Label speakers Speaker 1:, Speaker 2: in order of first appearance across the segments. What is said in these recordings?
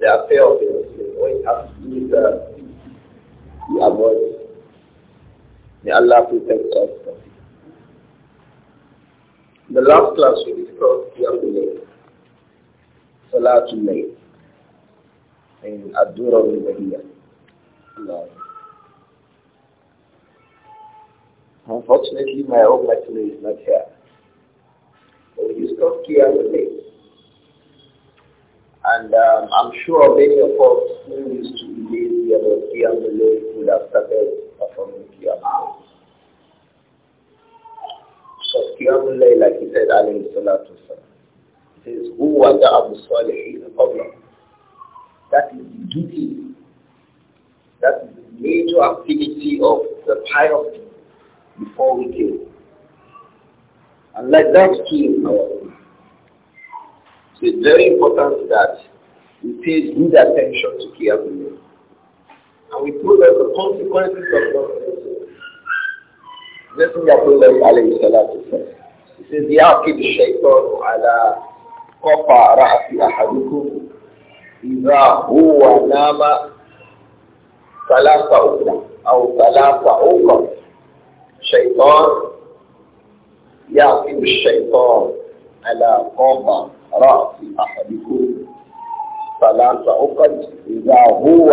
Speaker 1: They are failed in Muslims or to do the avoid. May Allah protect us from it. The last class we discussed the Salatul Layl in Ad-Dura al-Bahiyya. Allah. Unfortunately, my own bachelor is not here. we discussed Qiyamul Layl. And um, I'm sure many of us who used to be lazy about Qiyam al-Layl would have started performing Qiyam al-Layl. Because Qiyam like he said, alayhi salatu wasalam, says, هُوَ دَعَبُ الصَّالِحِينَ قَبْلَهُ That is the duty, that is the major activity of the pious before we kill. And let that kill our it's very important that we pay good attention to Qiyamul And we know that the consequences of nonsense. Messenger told us, alayhi salatu he says, يَعْقِدْ الشَّيْطَانُ عَلَى قَفَى رَأْسِ أَحَدُكُمْ إِذَا هُوَ نَامَ ثَلَاثَ أُخْرَى أو ثلاثة أخرى شيطان يعقد الشيطان على قفا رأس أحدكم فلا تعقد إذا هو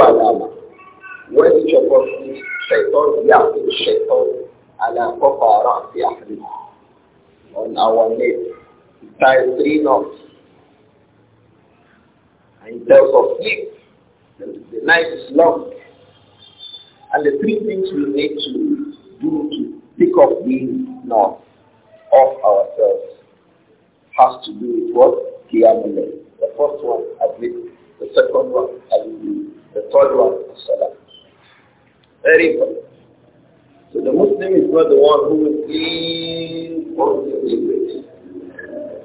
Speaker 1: on our neck. He ties three knots. And he tells us sleep. The, the night is long. And the three things we need to do to pick up the knots of ourselves has to do with what? Qiyamul The first one, Adlib. The second one, Adlib. The third one, Salah. Very important. So the Muslim is not the one who will sleep on the sleep.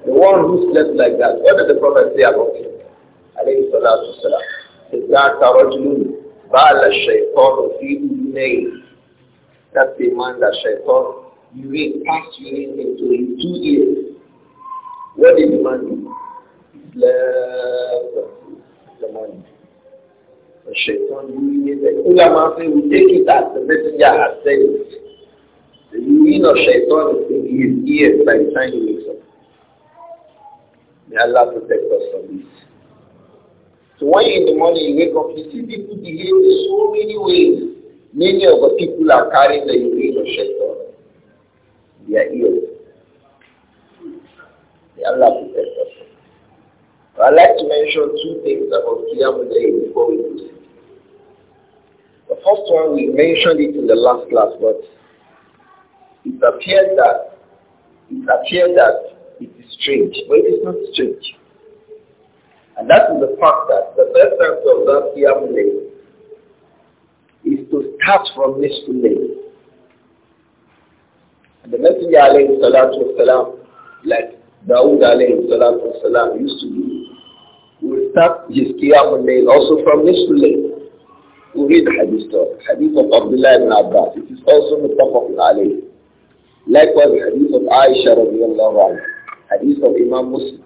Speaker 1: The one who slept like that. What did the Prophet say about him? Alayhi salatu salam. ذاك رجل بال الشيطان في أذنيه That's the man that shaitan urine, passed urine into his two ears. What did the man do? slept the morning. The shaitan urinated. Ulama say we take it as the messenger has said The urine of shaitan is in by the time May Allah protect us from this. So when in the morning you wake up, you see people behave in so many ways. Many of the people are carrying the urine of shaitan. They are ill. May Allah protect us I'd like to mention two things about Qiyamul Layl before we proceed. The first one, we mentioned it in the last class, but it appears that it appears that it is strange, but it is not strange. And that is the fact that the best time to observe Qiyamul Layl is to start from this Layl. And the Messenger alayhi salatu wasalam, like Dawood alayhi salatu wasalam used to do start his Qiyamul Layl also from Nisful We read hadith of, hadith of Abdullah ibn Abbas. It is also Muttafaqun alayh. Likewise, hadith of Aisha radiallahu anha. Hadith of Imam Muslim.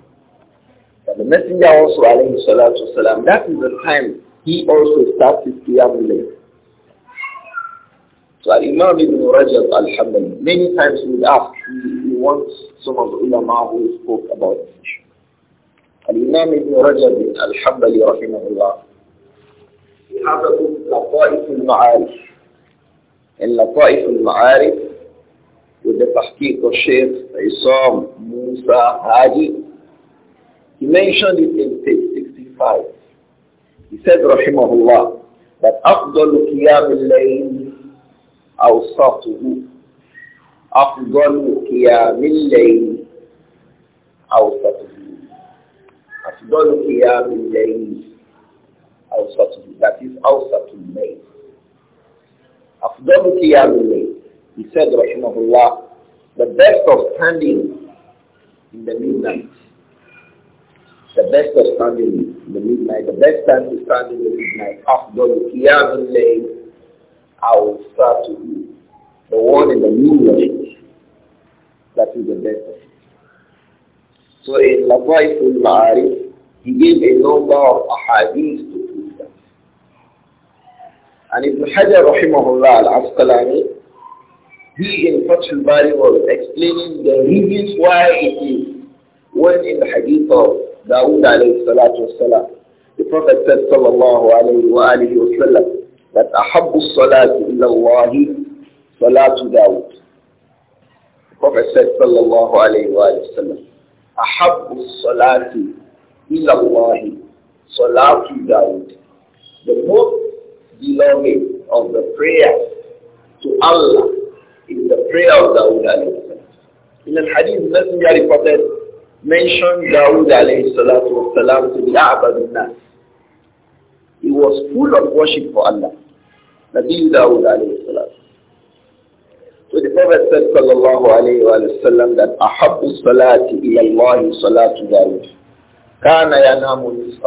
Speaker 1: But the Messenger also alayhi salatu wasalam, that is the time he also started his Qiyamul Layl. So Imam Ibn Rajab al many times we would ask, we, we want some of the ulama who spoke about this الإمام ابن رجب الحنبلي رحمه الله في هذا لطائف المعارف إن لطائف المعارف وده تحقيق الشيخ عصام موسى هادي He mentioned it in page 65. He said, رحمه الله, that أفضل قيام الليل أوسطه أفضل قيام الليل أوسطه أفضل قيام to أوسطه that is أوسط الليل أفضل قيام الليل he said رحمه the best of standing in the midnight the best of standing in the midnight the best time to stand in the midnight will start to أوسطه the one in the midnight that is the best of it so in Lafaiful Ma'arif he gave a number of ahadith to prove that. And Ibn Hajar rahimahullah al-Asqalani, he in Fathul Bari was explaining the reasons why it is when in the hadith of Dawood alayhi salatu wasalam, the Prophet said sallallahu alayhi wa alihi wasallam, that أحب الصلاة إلى الله صلاة داود. The Prophet said صلى الله عليه وآله وسلم, أحب الصلاة ilallahi, salatu Dawood. The most beloved of the prayer to Allah is the prayer of Dawood In the hadith, Messenger reported mentioned Dawood alayhi salatu wasalam to be Abad nas He was full of worship for Allah. Nabi Dawood so the Prophet said sallallahu alayhi wa sallam that أَحَبُّ الصَّلَاةِ إِلَى اللَّهِ صَلَاةُ دَاوُدَ كان ينام نصف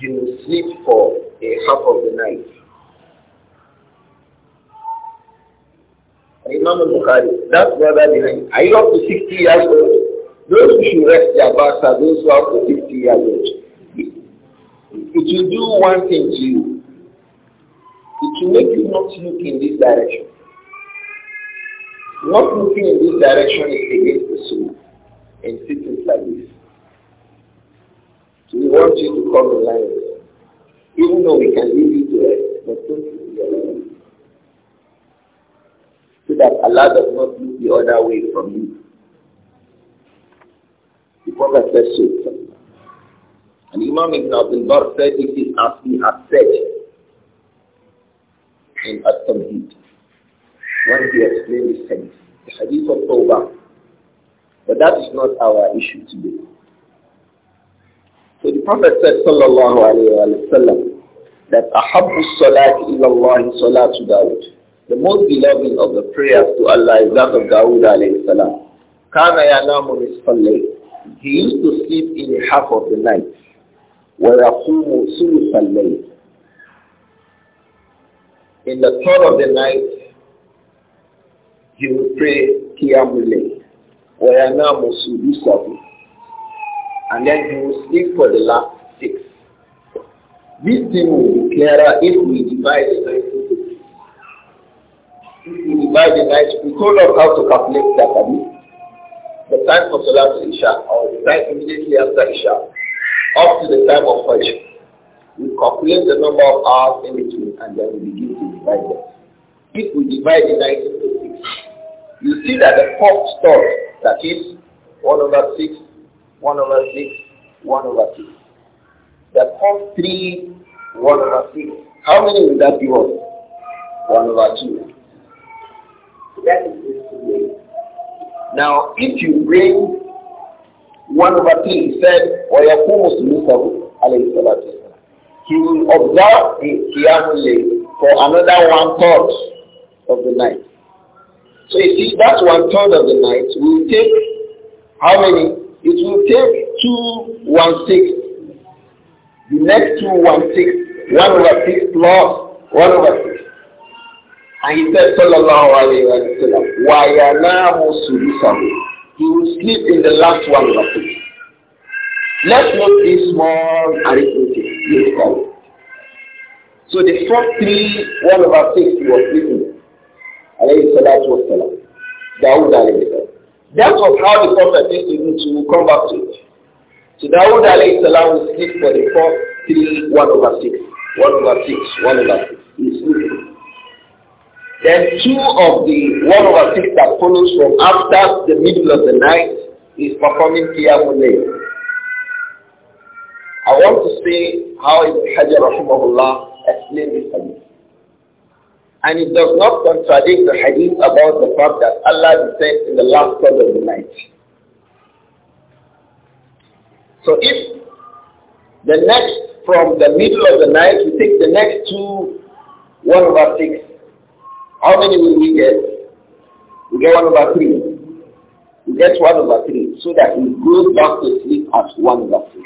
Speaker 1: He will sleep for a half of the night. Imam Bukhari, that brother behind, are you up to 60 years old? Those who should rest their backs are those who are up to 50 years old. It will do one thing to you. It will make you not look in this direction. Not looking in this direction is against the soul and things like this. We want you to come in line with us. Even though we can leave you to rest, but don't you be alone. So that Allah does not look the other way from you. The Prophet said so. And Imam Ibn Abdul Bar said it is as he has said in At-Tamhid. When he explained this hadith, the hadith of Tawbah. But that is not our issue today. So the Prophet said, sallallahu alayhi wa sallam, that أَحَبُّ الصَّلَاةِ إِلَى اللَّهِ صَلَاةُ دَاوُدُ The most beloved of the prayers to Allah is that of Dawood alayhi salam. كَانَ يَنَامُ نِصْفَ اللَّيْلِ He used to sleep in half of the night. وَيَقُومُ ثُلُثَ اللَّيْلِ In the third of the night, he would pray قِيَامُ اللَّيْلِ وَيَنَامُ سُدُسَهُ and then he will sleep for the last six. This thing will be clearer if we divide the night into six. If we divide the night, we told us how to calculate that The time for Salat Isha or the time immediately after Isha up to the time of Fajr. We calculate the number of hours in between and then we begin to divide them. If we divide the night into six, you see that the fourth thought, that is 106 1 over 6, 1 over 6. The 3, 1 over 6. How many will that give us? 1 over 2. That is Now, if you bring 1 over 3, he said, وَيَقُومُ سُلُسَهُ alayhi salatu He will observe the Qiyamul for another one-third of the night. So you see, that one-third of the night will take how many? it will take two one six. The next two one six, one over six plus one over six. And he said, Sallallahu Alaihi Wasallam, Wayanahu Sudusahu. He will sleep in the last one over six. Let's note this small arithmetic. So the first three, one over six, he was sleeping. Alayhi salatu wasalam. Dawood alayhi salam. That was how the prophet used to to come back to it. So Dawood alayhi salam will sleep for the four, three, one over six. One over six, one over six. He sleeps. Then two of the one over six that follows from after the middle of the night is performing Qiyamulay. I want to see how Ibn Hajar rahimahullah explained this hadith. And it does not contradict the hadith about the fact that Allah descends in the last third of the night. So if the next, from the middle of the night, we take the next two, 1 over 6, how many will we get? We get 1 over 3. We get 1 over 3, so that we go back to sleep at 1 over 6.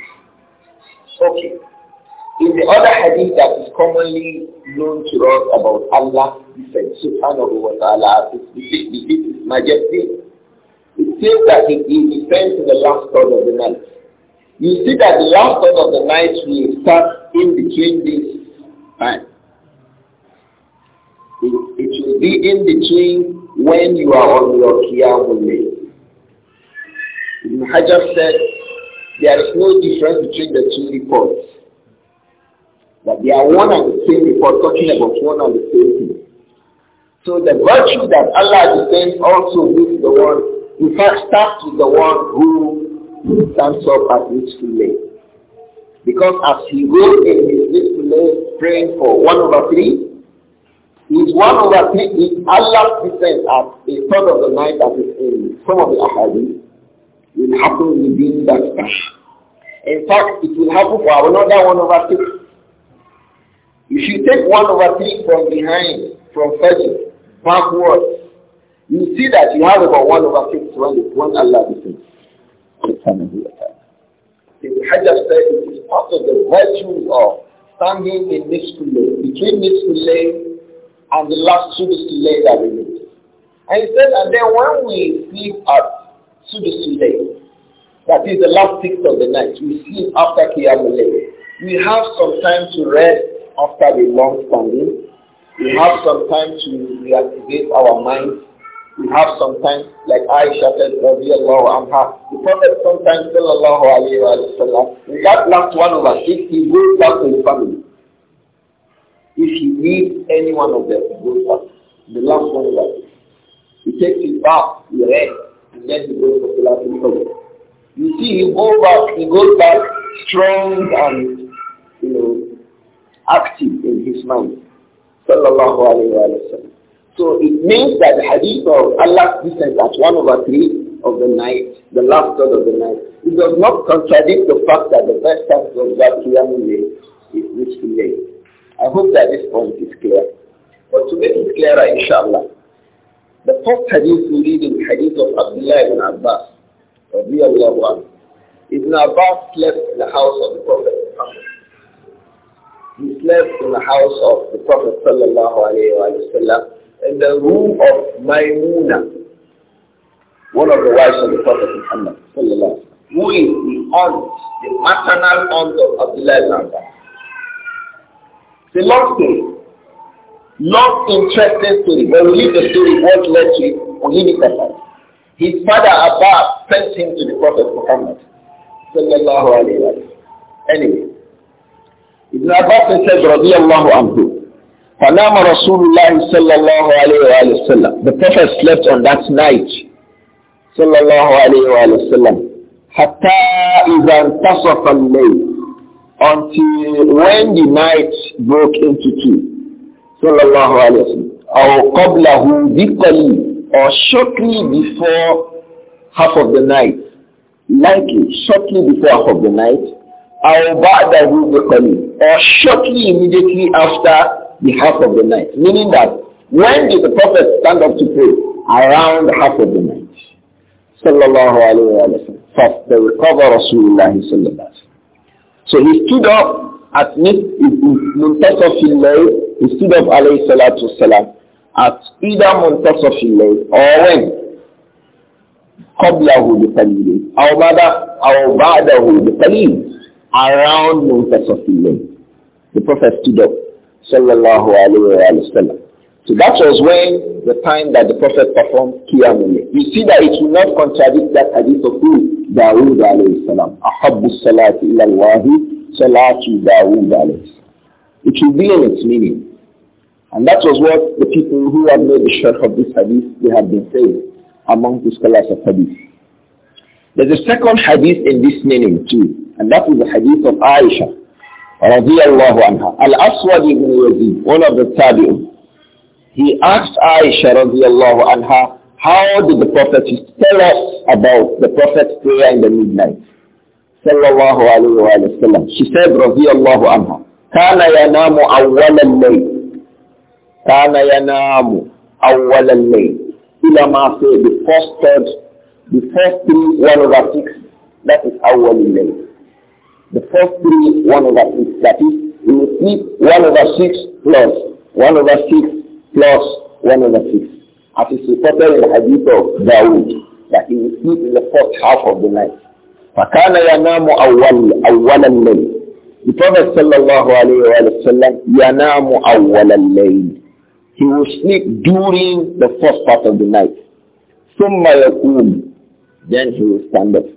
Speaker 1: Okay. In the other hadith that is commonly known to us about Allah, he said, Subhanahu wa ta'ala, it is majesty. It says that he, he descends to the last third of the night you see that the last part of the night will start in between this time. It, will be in between when you are on your Qiyamul Ibn Hajar said, there is no difference between the two reports. That they are one and the same report, talking about one and the same thing. So the virtue that Allah defends also with the one, in fact starts with the one who he stands up at Nisful Layl. Because as he goes in his Nisful lay praying for 1 over 3, his 1 over 3 is Allah descent at a third of the night that is in some of the ahadith will happen within that time. In fact, it will happen for another 1 over 6. If you take 1 over 3 from behind, from Fajr, backwards, you see that you have about 1 over 6 when, when Allah descends. The wa is said it is part of the virtues of standing in Niskulay, between Niskulay and the last Sudusulay that we need. And he said, and then when we sleep at Sudusulay, that is the last sixth of the night, we sleep after Kiyamulay. We have some time to rest after the long standing. We have some time to reactivate our minds we have sometimes, like Aisha said, radiallahu anha, the Prophet sometimes, sallallahu alayhi wa sallam, in that last one of us, if he goes back to his family, if he needs any one of them, he goes back. The last one of us. He takes his bath, he rests, and then he goes to the last one. You see, he goes back, he goes back strong and, you know, active in his mind. Sallallahu alayhi wa sallam. So it means that the hadith of Allah's descent at 1 over 3 of the night, the last third of the night, it does not contradict the fact that the best time to that Qiyamul is reached late. I hope that this point is clear. But to make it clearer, inshallah, the first hadith we read in the hadith of Abdullah ibn Abbas, of anhu, Ibn Abbas slept in the house of the Prophet He slept in the house of the Prophet sallallahu alayhi wa sallam in the room of Maimuna, one of the wives of the Prophet Muhammad, who is the aunt, the maternal aunt of Abdullah The long story, not interesting story, but we leave the story what led to it, we leave it aside. His father Abbas sent him to the Prophet Muhammad. Sallallahu alayhi wa Anyway, Ibn Abbas said, radiallahu anhu, Panama Rasulullah sallallahu alayhi wa sallam. The Prophet slept on that night. Sallallahu alayhi wa sallam. Hatta izan tasaf al Until when the night broke into two. Sallallahu alayhi wa sallam. Or qablahu biqali. Or shortly before half of the night. Likely, shortly before half of the night. Or ba'dahu biqali. Or shortly immediately after the half of the night. Meaning that when did the Prophet stand up to pray? Around half of the night. Sallallahu alayhi wa sallam. فَاسْتَيْقَظَ رَسُولُ اللَّهِ صَلَّى اللَّهُ عَلَيْهِ So he stood up at Muntasaf al-Layl, he stood up alayhi salatu wasalam, at either Muntasaf or when? قبله بقليل أو بعد أو around Muntasaf The Prophet stood up sallallahu alayhi wa sallam. So that was when the time that the Prophet performed Qiyamul You see that it will not contradict that hadith of who? Dawood alayhi salam. Ahabbu salati ila Allahi salatu Dawood alayhi It will be in its meaning. And that was what the people who have made the sharh of this hadith, they have been saying among the scholars of hadith. There's a second hadith in this meaning too, and that is the hadith of Aisha رضي anha. Al Aswad ibn Yazid. one of the tabi'in he asked Aisha رضي الله how did the prophet tell us about the prophet's prayer in the midnight Sallallahu alayhi عليه وآله she said رضي anha. كان ينام أول الليل كان ينام أول الليل إلى ما say the first third the first three one over six that is أول الليل the first three, 1 over 6. That is, we will keep 1 over 6 plus 1 over 6 plus 1 over 6. As is reported in the hadith of Dawood, that he will sleep in the first half of the night. فَكَانَ يَنَامُ أَوَّلَ اللَّيْلِ The Prophet sallallahu alayhi wa sallam, يَنَامُ أَوَّلَ اللَّيْلِ He will sleep during the first part of the night. ثُمَّ يَقُومُ Then he will stand up.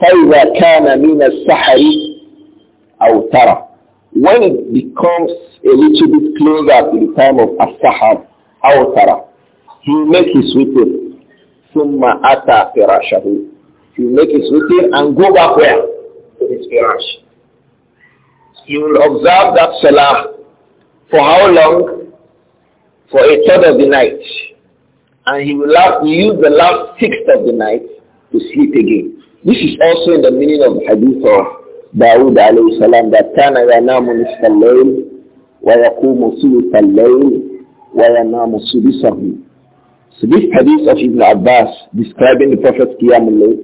Speaker 1: فإذا كان من السحر أو ترى when it becomes a little bit closer to the time of السحر أو ترى he make his witr ثم أتى فراشه he make his witr and go back where to his firash he will observe that salah for how long for a third of the night and he will have, use the last sixth of the night to sleep again this is also in the meaning of hadith of Dawood alayhi salam that kana yanamu nisfa wa yaqumu thulutha wa yanamu sudisahu. So this hadith of Ibn Abbas describing the Prophet Qiyam al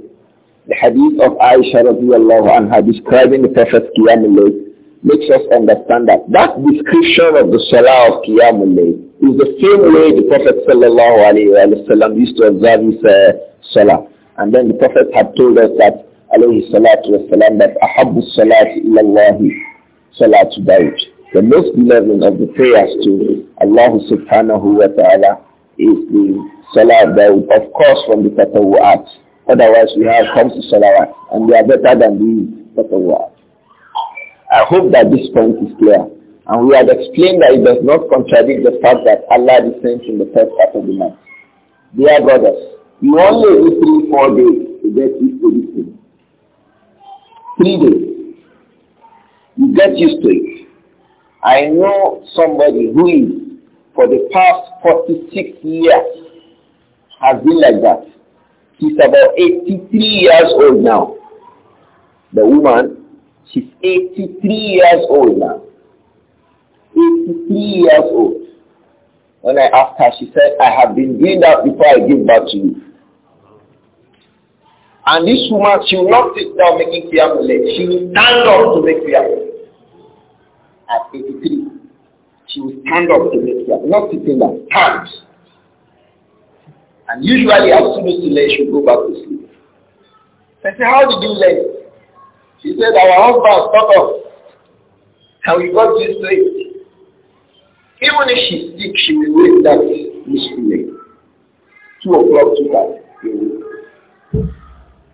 Speaker 1: the hadith of Aisha radiallahu anha describing the Prophet Qiyam al makes us understand that that description of the Salah of Qiyam al is the same way the Prophet sallallahu alayhi wa sallam used to observe his uh, Salah. And then the Prophet had told us that, alayhi salatu wasalam, that ahabbu salatu illallahi salatu Dawud. The most beloved of the prayers to Allah subhanahu wa ta'ala is the salat Dawud, of course from the tatawu'at. Otherwise we have comes to salawat and they are better than the tatawu'at. I hope that this point is clear. And we have explained that it does not contradict the fact that Allah descends in the first part of the month. Dear brothers, you only need three, four days to get used to this thing. Three days. You get used to it. I know somebody who is, for the past 46 years, has been like that. She's about 83 years old now. The woman, she's 83 years old now. 83 years old. When I asked her, she said, I have been doing that before I gave birth to you. And this woman, she will not sit down making the amulet. She will stand up to make amulet. At 83, she will stand up to make amulet, Not sitting down, stand. And usually as soon as she lay, she'll go back to sleep. I said, how did you lay? She said, our husband stuck up. And we got this late. Even if she's sick, she will wait that this late. Two o'clock, two o'clock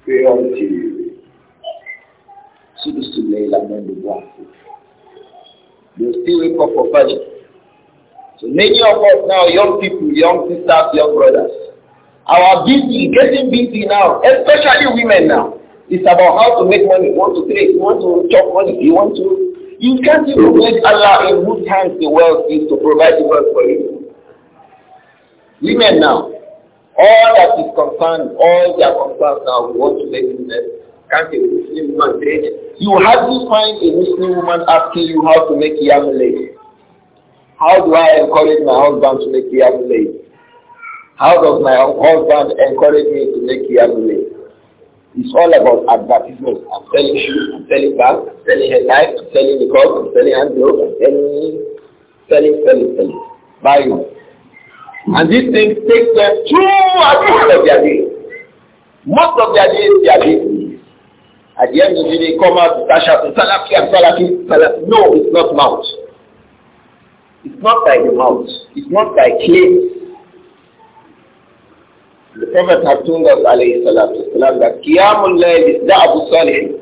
Speaker 1: priority. Sudus to Layla Menduwa. They still wake up for Fajr. So many of us now, young people, young sisters, young brothers, are busy, getting busy now, especially women now. It's about how to make money. You want to trade, you want to chop money, you want to... You can't even make Allah in whose hands the wealth is to provide the wealth for you. Women now, all that is concerned, all their concerns now, we want to make business. Can't a Muslim woman say You hardly find a Muslim woman asking you how to make yamalay. How do I encourage my husband to make yamalay? How does my husband encourage me to make yamalay? It's all about advertisement. I'm selling shoes, I'm selling bags, I'm selling headlights, I'm selling the cup, I'm selling handbags, I'm selling, selling, selling, selling. Buy you. And these things take them through the whole of their day. Most of their days, they are busy. At the end of the day, come out to dash out Salafi and Salafi, Salafi. No, it's not mouth. It's not by the mouth. It's not by claims. The Prophet had told us, alayhi salatu salam." that Qiyamul Layl is da'abu salih.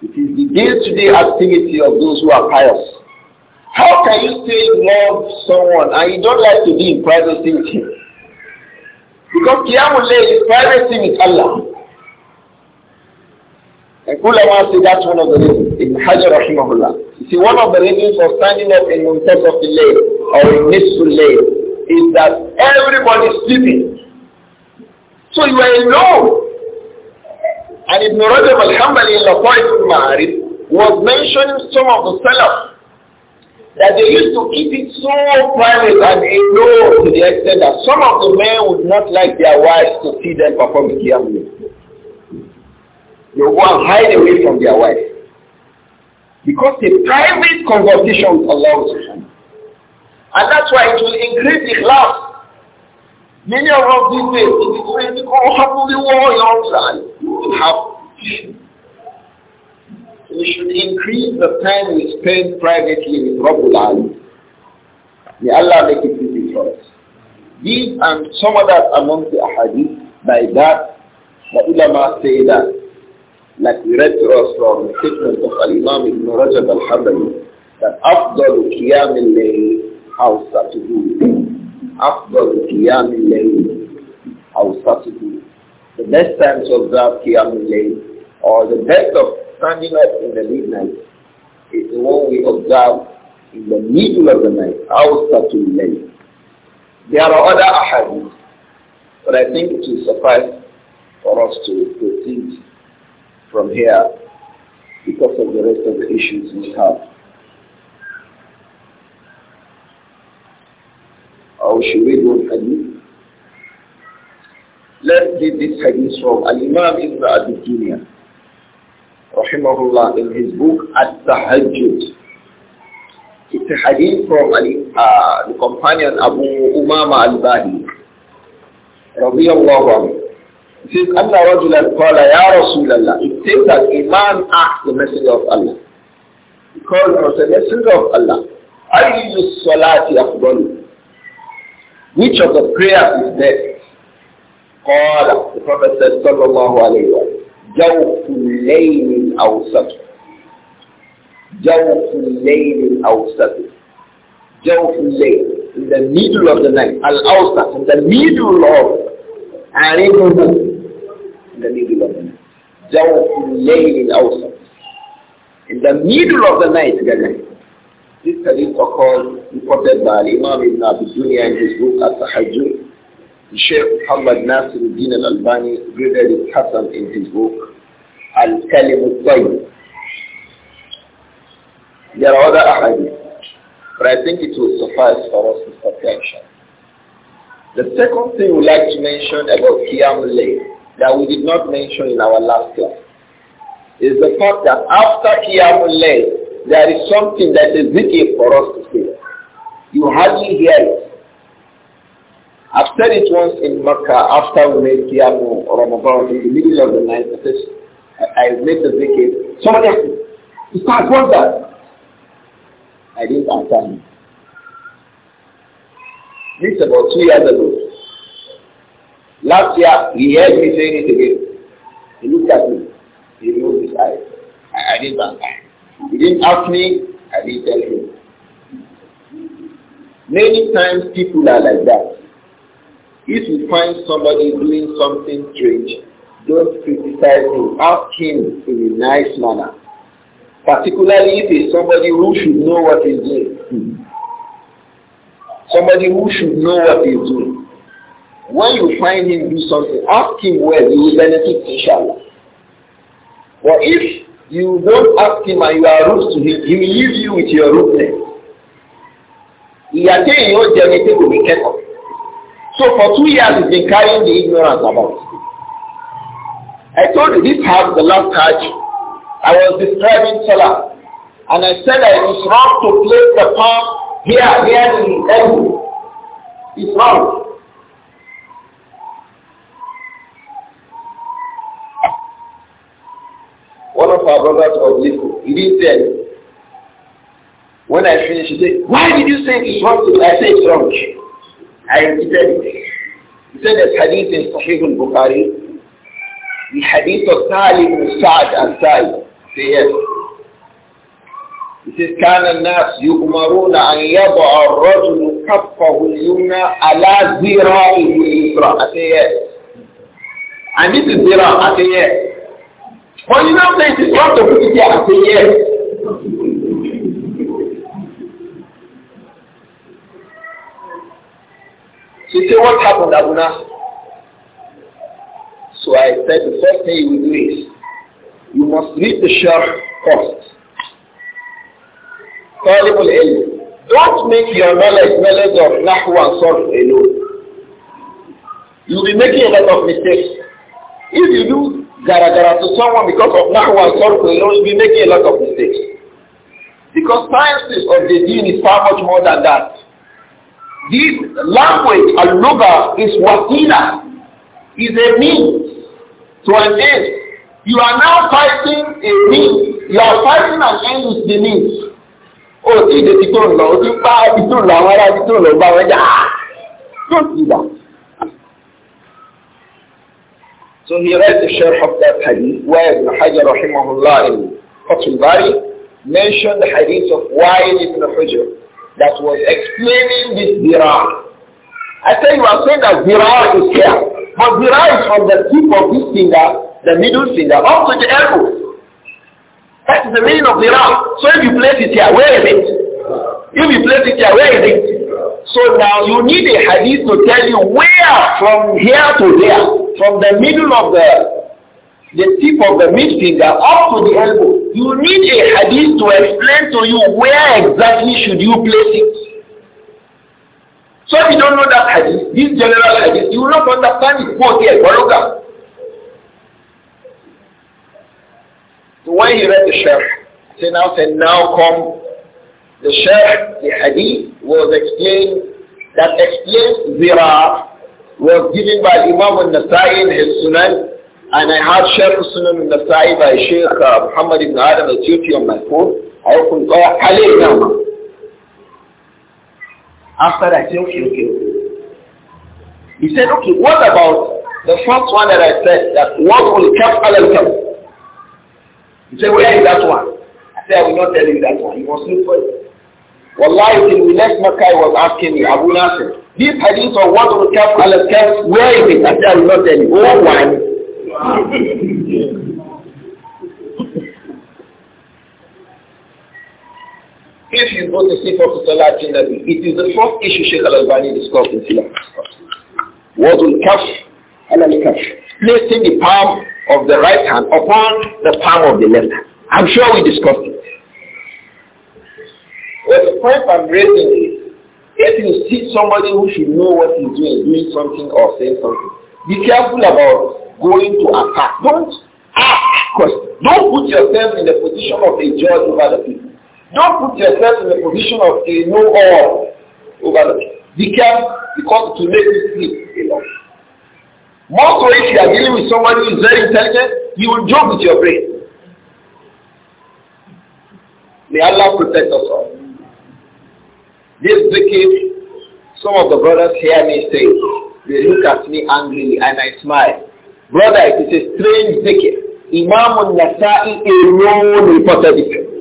Speaker 1: It is the day-to-day activity of those who are pious. How can you say you love someone and you don't like to be in privacy with him? Because Qiyamulay is privacy with Allah. And Ulama say that's one of the reasons in Hajar Rahimahullah. You see, one of the reasons for standing up in Mumtaz of the Lay or in Nisful Lay is that everybody is sleeping. So you are alone. And Ibn Rajab al-Hambali in Lafayette al-Ma'arif was mentioning some of the Salaf that they used to keep it so private and a low to the extent that some of the men would not like their wives to see them the gambling. They go and hide away from their wife. Because the private conversation allows, Allah And that's why it will increase the class. Many of us these days, it is going to go happily war your son. You will have we should increase the time we spend privately with Rabbul Ali. May Allah make it easy for us. These and some others among the ahadith, by that, the ulama say that, like we read to us from the statement of Al-Imam Ibn Rajab al-Hanbali, that after the الليل أو سطحه أفضل قيام to do After The best time to observe قيام الليل or the best of standing up in the midnight is the one we observe in the middle of the night, outside to late. There are other ahadith, but I think it will suffice for us to proceed from here because of the rest of the issues we have. Or should we hadith? Let's read this hadith from Al-Imam Ibn Abi Dunya rahimahullah, in his book At-Tahajjud. It's a hadith from uh, the companion Abu Umama al-Bahili. رضي الله It says, Allah Rajulan Qala Ya Rasulallah. It says that a man asked the messenger of Allah. He called was the messenger of Allah. Ayyu Salati Afdalu. Which of the prayers is best? Qala. The Prophet said, Sallallahu Alaihi Wasallam. جوف الليل الأوسط جوف الليل الأوسط جوف الليل in the middle of the night al الأوسط in the middle of عرفه in the middle of the night جوف الليل الأوسط in the middle of the night guys this hadith was called reported by Imam Ibn Abi Dunya in his book At-Tahajjud Sheikh Muhammad Nasir al-Din al-Albani graded it Hassan in his book Al-Kalim al There are other ahadith, but I think it will suffice for us to mention. The second thing we like to mention about Qiyam Layl that we did not mention in our last class is the fact that after Qiyam Layl, there is something that is zikr for us to say. You hardly hear it. I've said it once in Makkah after we made Qiyam Ramadan in the middle of the night. I, made the zikr. Somebody asked me, Ustaz, that? I didn't answer him. This is about two years ago. Last year, he heard me saying it again. He looked at me. He moved his eyes. I, I didn't answer him. He didn't ask me. I didn't tell him. Many times people are like that. If you find somebody doing something strange, don't criticize him. Ask him in a nice manner. Particularly if it's somebody who should know what he's doing. Somebody who should know what he's doing. When you find him do something, ask him where he will benefit, inshallah. But if you don't ask him and you are rude to him, he will leave you with your rudeness. He yìí ó jẹ́ ní to be ní So for two years he's been carrying the ignorance about. I told you this house, the last touch. I was describing Salah. And I said that it is wrong to place the palm here, here in elbow. It's wrong. One of our brothers was little. He didn't When I finished, he said, why did you say it's wrong? I said it's wrong. I repeated it. He said there's hadith in Sahih al-Bukhari الحديث التالي من سعد الثالي في إيه؟ كان الناس يؤمرون أن يضع الرجل كفه اليمنى على ذراعه اليسرى أتي إيه؟ عن ذي الذراع أتي إيه؟ ولماذا تتحدث في ذي أتي إيه؟ سيتي وات هابند أبو ناصر؟ So I said the first thing you will do is you must read the sharp first. Don't make your knowledge knowledge of Nahu and Sarf alone. You'll be making a lot of mistakes. If you do garagara to someone because of Nahu and Sarf alone, you'll be making a lot of mistakes. Because sciences of the deen is far much more than that. This language, al-luga, is wasila, is a means to an You are now fighting a need. You are fighting an end with the need. O oh, ti ìdètí tó ń lọ, o ti ń bá ibi tó ń lọ, àwọn ará jà. Don't do that. So he read the share of that hadith where Ibn Hajar rahimahullah in Fatul Bari mentioned the hadith of Wa'il ibn Hujr that was explaining this dirah. I said you are saying that dirah is here must be right from the tip of this finger, the middle finger, up to the elbow. That is the meaning of the round. So if you place it here, where is it? If you place it here, where is it? So now you need a hadith to tell you where from here to there, from the middle of the the tip of the mid finger up to the elbow. You need a hadith to explain to you where exactly should you place it. So if you don't know that hadith, this general hadith, you will not understand it. Go here, Baruga. So when he read the Sharh, he now said, now come the Sharh, the hadith was explained, that explains zira was given by Imam al-Nasai in his Sunan, and I had Sharh Sunan al-Nasai by Sheikh uh, Muhammad ibn Adam al-Tuti on my phone. I often call Alayhi after that, I said, okay, okay, okay. He said, okay, what about the first one that I said, that what will cap al cap? He said, where is that one? I said, I will not tell you that one. You must look for it. Wallahi, till we left Makkah, I was asking me, Abu Nasir, this hadith of what will cap al cap, where is it? I said, I will not tell you. Oh, why? Wow. If you go to see Salat Nabi, it is the first issue Sheikh Al-Albani discussed in Salat. What will kaf al-kaf. Placing the palm of the right hand upon the palm of the left hand. I'm sure we discussed it. the point I'm raising is, if you see somebody who should know what he's doing, doing something or saying something, be careful about going to attack. Don't ask questions. Don't put yourself in the position of a judge over the people. Don't put yourself in the position of a know-all over Be careful because it will make you sleep a lot. More so if you are dealing with someone who is very intelligent, you will joke with your brain. May Allah protect us all. This decade, some of the brothers hear me say, they look at me angrily and I smile. Brother, it is a strange decade. Imam al-Nasa'i alone reported it.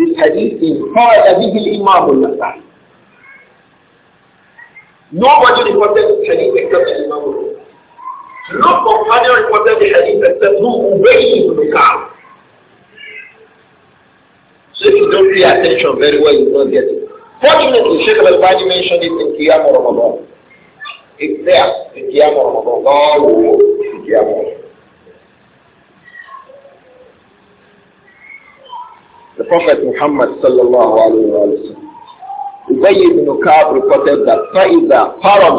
Speaker 1: This hadith is قال به الإمام النسائي. Nobody reported this hadith except the Imam al-Nasa'i. No companion reported the hadith except who Ubay ibn Ka'ab. So if you don't pay attention very well, you don't get it. Fortunately, Sheikh Al-Albani mentioned it in Qiyam Ramadan. It's there in Qiyam Ramadan. The Prophet Muhammad sallallahu alayhi wa sallam. ibn Ka'b reported that فَإِذَا فَرَمَ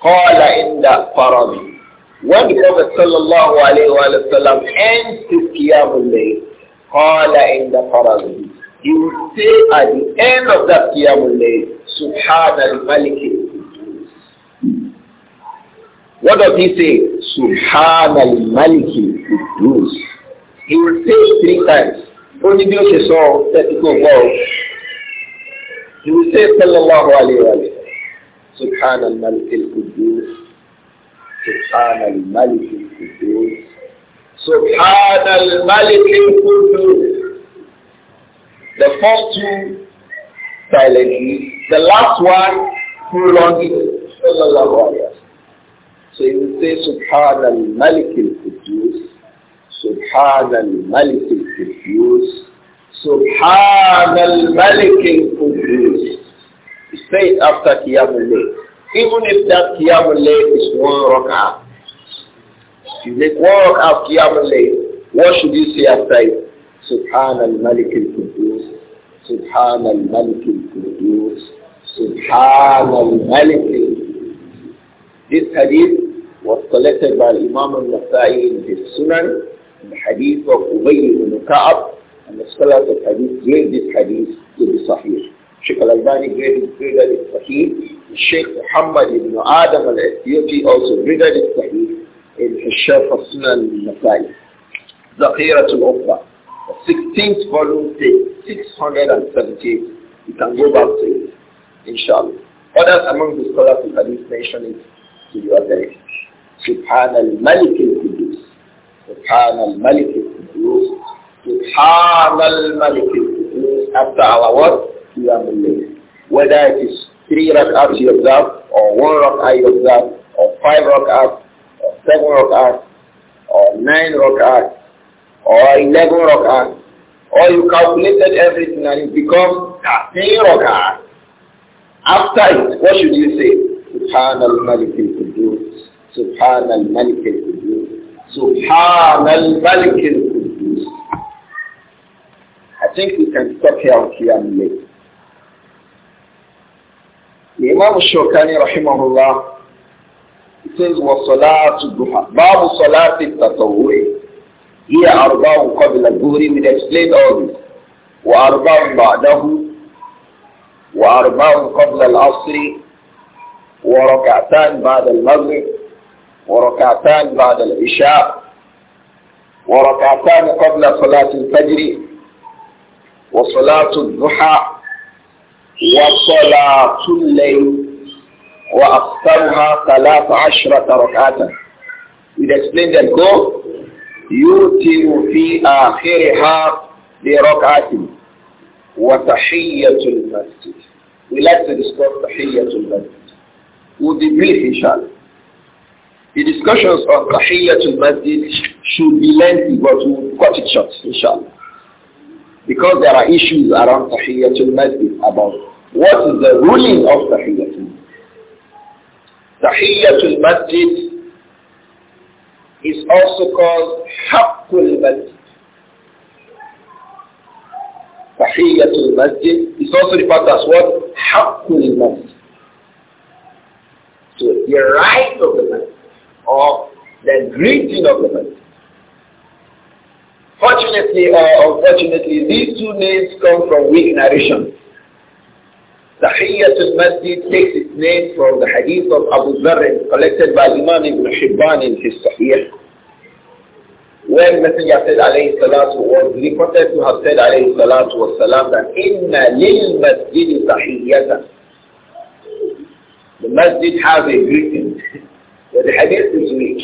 Speaker 1: قَالَ إِنَّ فَرَمِ When the Prophet sallallahu alayhi wa sallam ends his Qiyamul Layl, قَالَ إِنَّ فَرَمِ He will say at the end of that Qiyamul Layl, سُبْحَانَ الْمَلِكِ what does he say? Subhan al Maliki He will say three times ó ní bí ó ṣe sọ tẹ́tí kò gbọ́ o ìlú ṣe sallallahu alaihi wa sallam subhanal malikil qudus subhanal malikil qudus subhanal malikil qudus the first two silently the last one prolonged sallallahu alaihi wa sallam so you say subhanal malikil qudus. سبحان الملك القدوس سبحان الملك القدوس Say it after Qiyamul Even if that Qiyamul is one rak'ah. You make one rak'ah of Qiyamul What should you say after it? Subhan al-Malik al-Qudus. Subhan al-Malik al-Qudus. Subhan al-Malik al This hadith was collected by Imam al-Nasai in his Sunan in the hadith of Ubay ibn Ka'ab, and the scholars of hadith read this hadith to be sahih. Sheikh al-Albani graded, graded it sahih. Sheikh Hamad ibn Adam al-Ethiopi also read it sahih in his Sharf al-Sunan al-Nasai. Zaqirat al-Ukhra. 16th volume page 670. You can go back to it, inshallah. Others among the scholars of hadith mention it to your attention. سبحان الملك القدوس سبحان الملك القدوس سبحان الملك القدوس after our what? قيام الليل whether it is three rak'ahs you observe or one rak'ah you observe or five rak'ahs or seven rak'ahs or nine rak'ahs or eleven rak'ahs or you calculated everything and it becomes thirteen rak'ahs after it what should you say? سبحان الملك القدوس سبحان الملك القدوس
Speaker 2: سبحان
Speaker 1: الملك القدوس I think we can stop here with Qiyam late. The Imam al-Shawkani rahimahullah he says وصلاة الضحى باب صلاة التطوع هي أربع قبل الظهر we explained all this وأربع بعده وأربع قبل العصر وركعتان بعد المغرب وركعتان بعد العشاء وركعتان قبل صلاة الفجر وصلاة الضحى وصلاة الليل وأكثرها ثلاث عشرة ركعة إذا explained that go يوتر في آخرها بركعة وتحية المسجد We like to discuss تحية المسجد We'll be brief inshallah The discussions on Tahiyyatul Masjid should be lengthy, but we'll cut it short, inshallah. Because there are issues around Tahiyyatul Masjid about what is the ruling of Tahiyyatul Masjid. Tahiyyatul Masjid is also called Haqqul Masjid. Tahiyyatul Masjid is also referred as what? Haqqul Masjid. So the right of the Masjid of the greeting of the Messenger. Fortunately or uh, unfortunately, these two names come from weak narration. al Masjid takes its name from the hadith of Abu Dharr collected by Imam Ibn Hibban in his Sahih. When Messenger said alayhi salatu was reported to have said alayhi salatu was salam that inna lil masjid tahiyyata. The masjid has a greeting. the hadith is weak.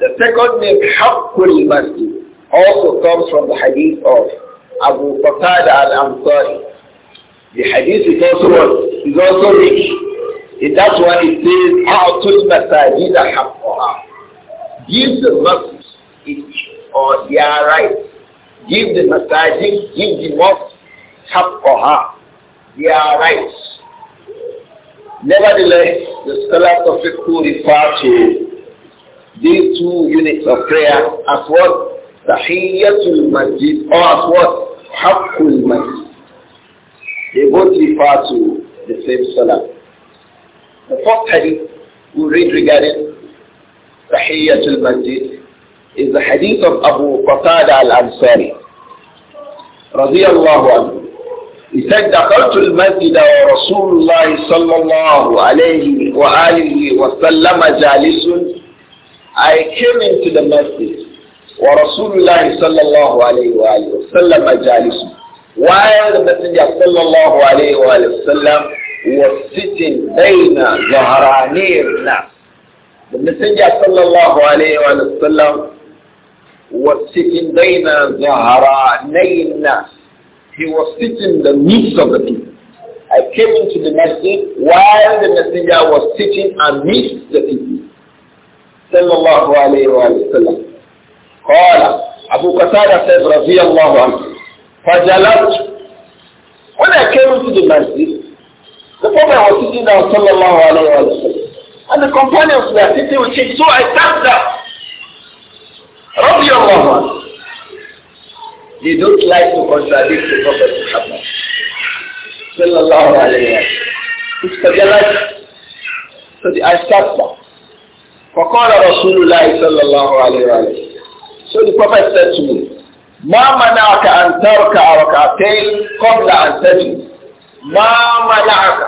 Speaker 1: The second name, Haqqul Masjid, also comes from the hadith of Abu Qatada al-Ansari. The hadith is also what? Is also weak. In that one it says, A'tul Masajid al-Haqqaha. Give the masjid each, or their right. Give the masajid, give the mosque they are rights. Nevertheless, the scholars of fiqh refer to these two units of prayer as what? Tahiyyatul Masjid or as what? Haqqul Masjid. They both refer to the same salah. The first hadith we read regarding Tahiyyatul Masjid is the hadith of Abu Qatada al-Ansari. رضي الله عنه He said, دخلت المسجد ورسول الله صلى الله عليه وآله وسلم جالس I came into the masjid ورسول الله صلى الله عليه وآله وسلم جالس while the messenger صلى الله عليه وآله وسلم was sitting بين ظهراني The messenger صلى الله عليه وآله وسلم was sitting بين ظهراني He was sitting in the midst of the people. I came into the masjid while the messenger was sitting amidst the people. Sallallahu alayhi wa sallam. Abu Qatada said رضي الله عنه فجلت When I came into the masjid, the Prophet was sitting down sallallahu alayhi wa sallam. And the companions were sitting with him, so I sat down. رضي الله عنه They don't like to contradict the Prophet Muhammad. Sallallahu alayhi wa sallam. It's stabilized. So the Ashtabba. فقال رسول الله صلى الله عليه وسلم So the Prophet said to me, ما منعك أن تركع ركعتين قبل أن تجد ما منعك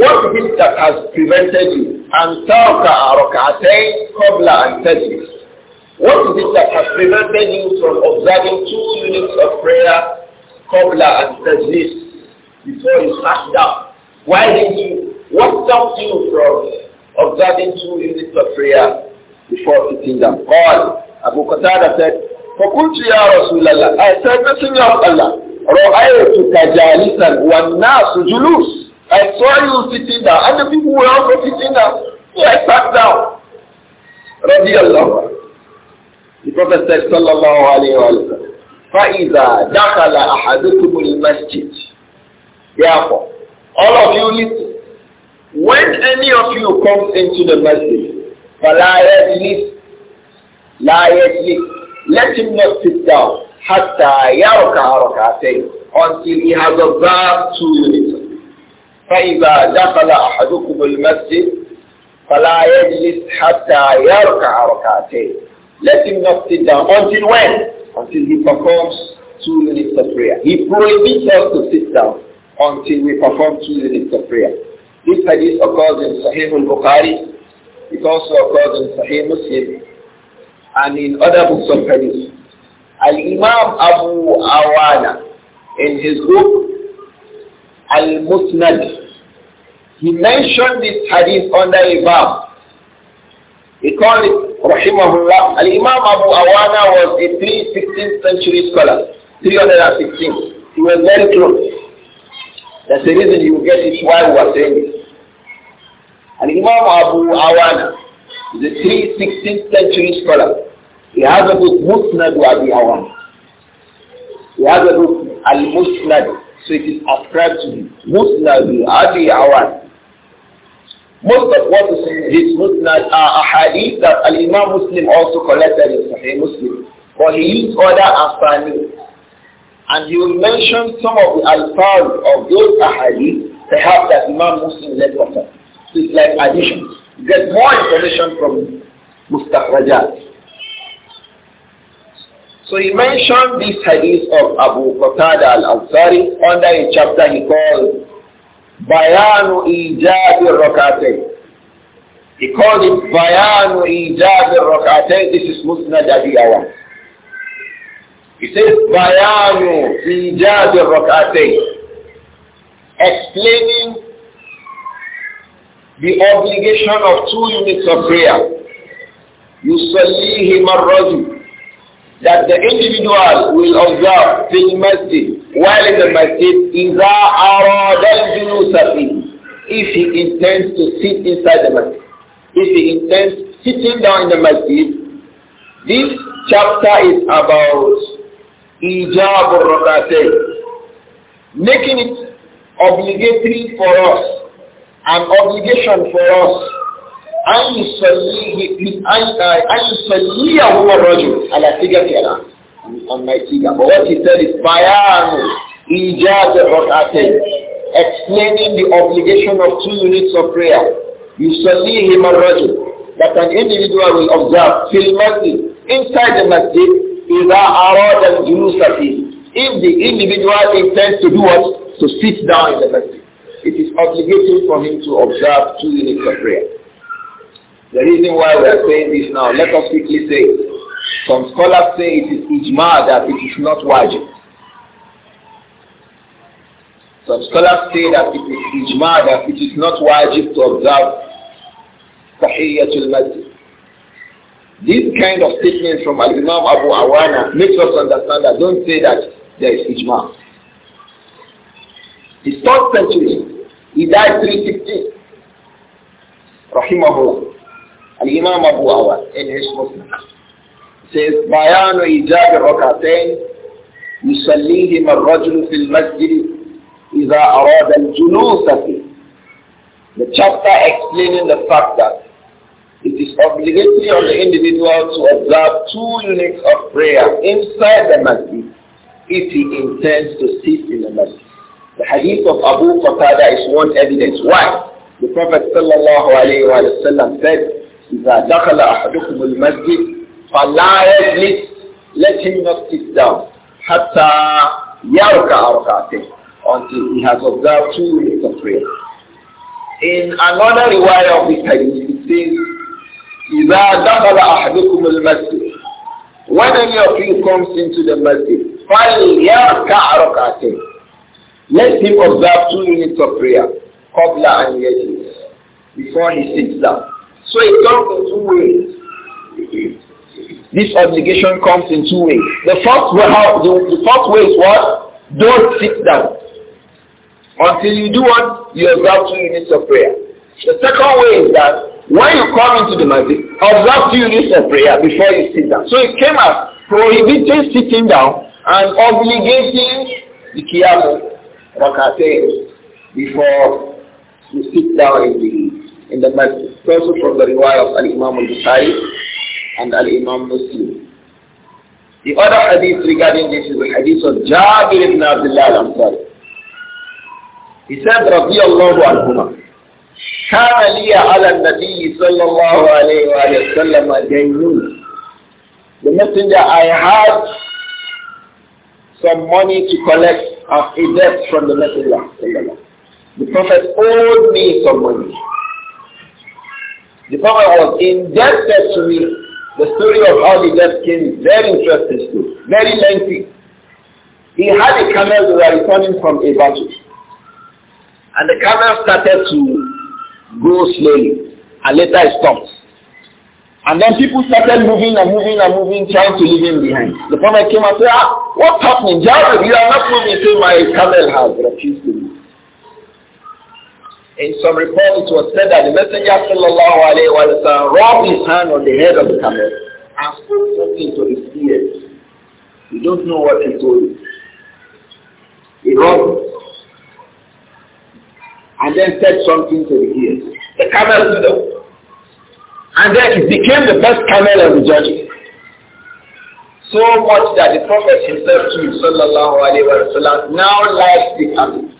Speaker 1: What is that has prevented you أن تركع ركعتين قبل أن تجد What is it that has prevented you from observing two units of prayer, Qabla and Tajlis, before you sat down? Why did you, what stopped you from observing two units of prayer before sitting down? All Abu Qatada said, فقلت يا رسول الله I said, nothing of Allah, رأيتك جالسا والناس جلوس I saw you sitting down and the people were also sitting down. So I sat down. رضي الله عنه The Prophet said, sallallahu alayhi wa sallam, فَإِذَا دَخَلَ أَحَدُكُمُ الْمَسْجِدِ Therefore, all of you listen. When any of you comes into the masjid, فَلَا يَجْلِسْ لَا يَجْلِسْ Let him not sit down حَتَّى يَرْكَعَ رَكَعَتَيْنِ Until he has observed two units. فإذا دخل أحدكم المسجد فلا يجلس حتى يركع ركعتين Let him not sit down. Until when? Until he performs two minutes of prayer. He prohibits us to sit down until we perform two minutes of prayer. This hadith occurs in Sahih al-Bukhari. It also occurs in Sahih Muslim and in other books of hadith. Al-Imam Abu Awana in his book Al-Musnad he mentioned this hadith under a verb. He called it Rahimahullah. Imam Abu Awana was a 16th century scholar. 316. He was very close. That's the reason you get it why we are saying it. And Imam Abu Awana is a 16th century scholar. He has a book, Musnad Abi Awana. He has a book, Al-Musnad. So it is ascribed to him. Musnad Abi Awana. Most of what is in his Musnad are hadith that Al-Imam Muslim also collected in Sahih Muslim. But he used other asanis. And he will mention some of the alfar of those ahadith, perhaps that Imam Muslim left off. So it's like additions. You get more information from Mustafrajat. So he mentioned this hadith of Abu Qatada al-Ansari under a chapter he called Bayanu Ijab Rakateh. He called it Bayanu Ijab Rakateh. This is Musnad Abi Awan. He says Bayanu Ijab Rakateh, Explaining the obligation of two units of prayer. يصليهما الرجل that the individual will observe the masjid while in the masjid is أراد if he intends to sit inside the masjid. If he intends sitting down in the masjid, this chapter is about ijab rakatay making it obligatory for us, an obligation for us أن يصليه أن أن يصليه الرجل على سجة on my figure. But what he said is bayan ijaz rak'atayn, explaining the obligation of two units of prayer. Yusallihi marrajul, that an individual will observe fil masjid, inside the masjid, إذا أراد الجلوس فيه. If the individual intends to do what? To sit down in the masjid. It is obligatory for him to observe two units of prayer. The reason why we are saying this now, let us quickly say, some scholars say it is ijma that it is not wajib. Some scholars say that it is ijma that it is not wajib to observe tahiyyatul masjid. This kind of statement from Al-Imam Abu Awana makes us understand that don't say that there is ijma. The third century, he died 360. Rahimahullah. Al-Imam Abu Awad in his book says, بيان إيجاب الركعتين يصليهما الرجل في المسجد إذا أراد الجلوس فيه. The chapter explaining the fact that it is obligatory on the individual to observe two units of prayer inside the masjid if he intends to sit in the masjid. The hadith of Abu Qatada is one evidence. Why? The Prophet sallallahu alayhi wa sallam said, إذا دخل أحدكم المسجد فلا يجلس let him not sit down حتى يركع ركعتين until he has observed two minutes of prayer. In another riwayah of this hadith, it says, إذا دخل أحدكم المسجد When any of you comes into the masjid, فليركع ركعتين Let him observe two minutes of prayer قبل أن يجلس before he sits down. So it comes in two ways. This obligation comes in two ways. The first way, the, the first way is what? Don't sit down. Until you do what? You observe two units of prayer. The second way is that when you come into the masjid, observe two units of prayer before you sit down. So it came as prohibiting sitting down and obligating the kiyamu, before you sit down in the in the masjid. Also from the riwayah of Al-Imam al-Bukhari and Al-Imam Muslim. The other hadith regarding this is the hadith of Jabir ibn Abdullah al-Ansari. He said, رضي الله عنهما كان لي على النبي صلى الله عليه وآله وسلم دينون The messenger, I had some money to collect as a debt from the messenger. The Prophet owed me some money. The Prophet was indebted to me. The story of how he death came is very interesting too, very lengthy. He had a camel that was returning from a battle. And the camel started to go slowly and later it stopped. And then people started moving and moving and moving, trying to leave him behind. The Prophet came and said, ah, what's happening? Jabir, you are not moving. He my camel has refused to move. In some reports, it was said that the Messenger sallallahu alayhi wa sallam rubbed his hand on the head of the camel and spoke something to his ears. We don't know what he told him. He rubbed and then said something to the ears. The camel stood up. And then it became the best camel of the judges. So much that the Prophet himself too, sallallahu alayhi wa sallam, now likes the camel.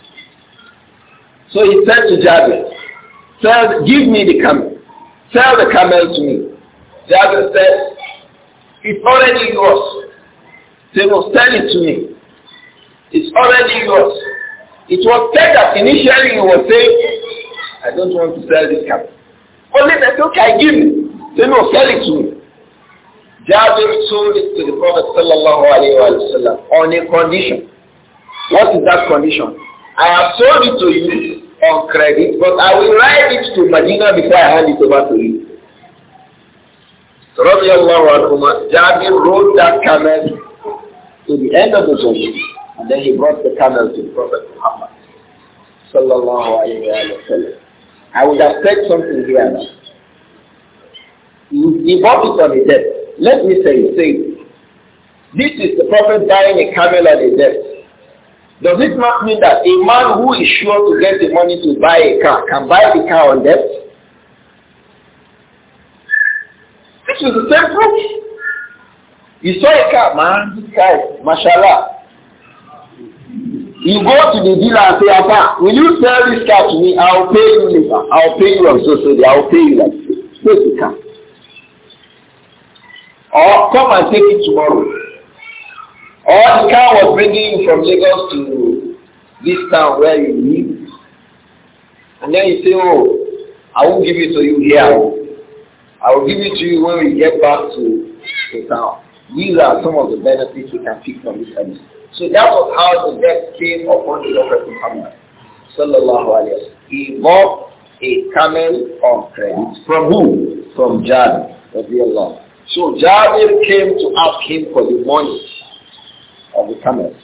Speaker 1: So he said to Jabez, Sell, give me the camel. Sell the camel to me. Jabez said, It's already yours. They will sell it to me. It's already yours. It was said that initially you were saying, I don't want to sell this camel. Only they said, okay, I give you. They will sell it to me. Jabir sold it to the Prophet sallallahu alayhi wa sallam on a condition. What is that condition? I have sold it to you on credit, but I will write it to Medina before I hand it over to you. So radiallahu anhu, Jabir rode that camel to the end of the journey, and then he brought the camel to the Prophet Muhammad. Sallallahu alayhi wa I would have said something here now. You devote it on a death. Let me say, say, this is the Prophet buying a camel on a death. Does it not mean that a man who is sure to get the money to buy a car can buy the car on debt? This is the same proof. You saw a car, man, this car is mashallah. You go to the dealer and say, Apa, will you sell this car to me? I'll pay you later. I'll pay you on so so I'll pay you like this. Take the car. Or come and take it tomorrow. Or the car was bringing you from Lagos to this town where you live. And then you say, oh, I won't give it to you here. I will give it to you when we get back to the town. These are some of the benefits we can pick from this hadith. So that was how the death came upon the Prophet Muhammad. Sallallahu alayhi wa He bought a camel on credit. From who? From Jabir. So Jabir came to ask him for the money of the camels.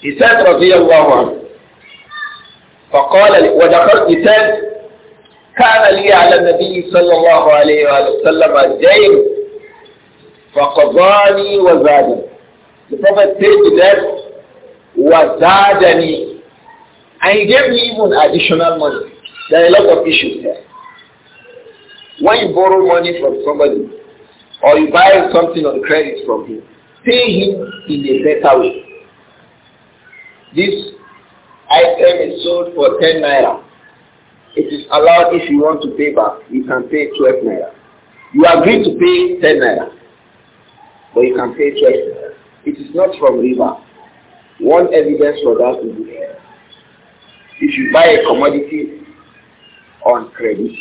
Speaker 1: He said, رضي الله he said كان لي على النبي صلى الله عليه وآله وسلم دين فقضاني وزادني The Prophet said to them, وزادني And he gave me even additional money. There are a lot of issues here. When you borrow money from somebody, or you buy something on credit from him, pay him in a better way. This item is sold for 10 naira. It is allowed if you want to pay back, you can pay 12 naira. You agree to pay 10 naira, but you can pay 12 naira. It is not from river. One evidence for that is If you buy a commodity on credit,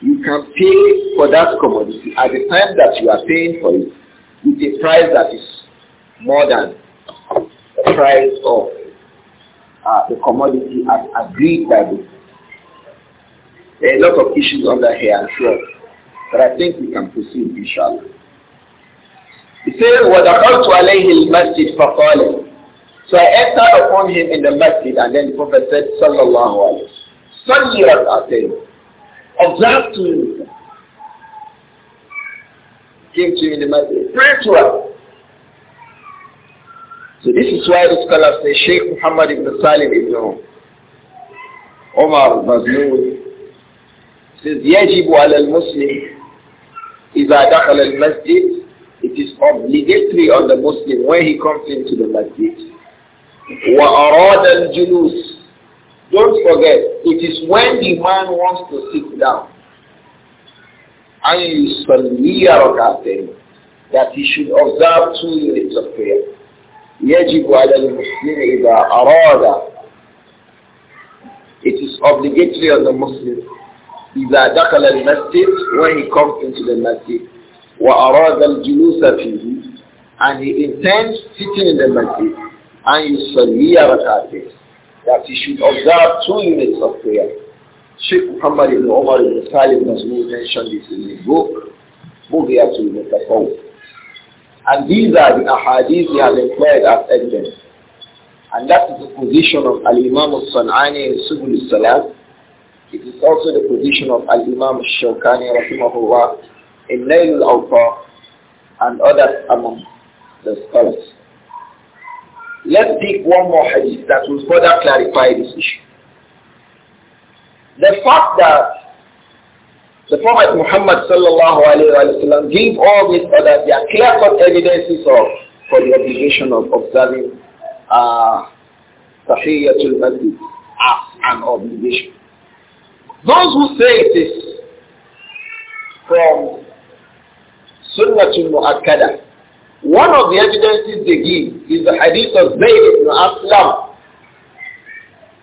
Speaker 1: you can pay for that commodity at the time that you are paying for it with a price that is more than the price of uh, the commodity as agreed by the there are a lot of issues under here, I'm sure. But I think we can proceed, inshallah. He said, وَدَخَلْتُ عَلَيْهِ الْمَسْجِدِ فَقَالَ So I entered upon him in the masjid and then the Prophet said, Sallallahu alayhi Salli rak'atayn. Observe to him. Came to him in the masjid. Pray to us. So this is why the scholars say Sheikh Muhammad ibn Salim ibn Omar Mazlul says يجب على المسلم إذا دخل المسجد it is obligatory on the Muslim when he comes into the masjid وأراد الجلوس don't forget it is when the man wants to sit down and you يصلي ركعتين that he should observe two units of prayer يجب على المسلم إذا أراد It is obligatory on the Muslim إذا دخل المسجد when he comes into the masjid وأراد الجلوس فيه and he intends sitting in the masjid and يصلي ركعتين that he should observe two units of prayer. Sheikh Muhammad ibn Umar ibn Salim Masmoud mentioned this in his book, Mughyatul Mutafawwid. And these are the ahadith they have employed as evidence. And that is the position of Al-Imam al-San'ani in Subul al-Salam. It is also the position of Al-Imam al-Shawkani rahimahullah in Nail al-Awfa and others among the scholars. Let's take one more hadith that will further clarify this issue. The fact that the Prophet Muhammad sallallahu alayhi wa sallam gave all these other They are clear-cut evidences of for the obligation of observing uh, Tahiyyatul Masjid as an obligation. Those who say it is from Sunnatul Mu'akkada, one of the evidences they give is the hadith of Zayd ibn Aslam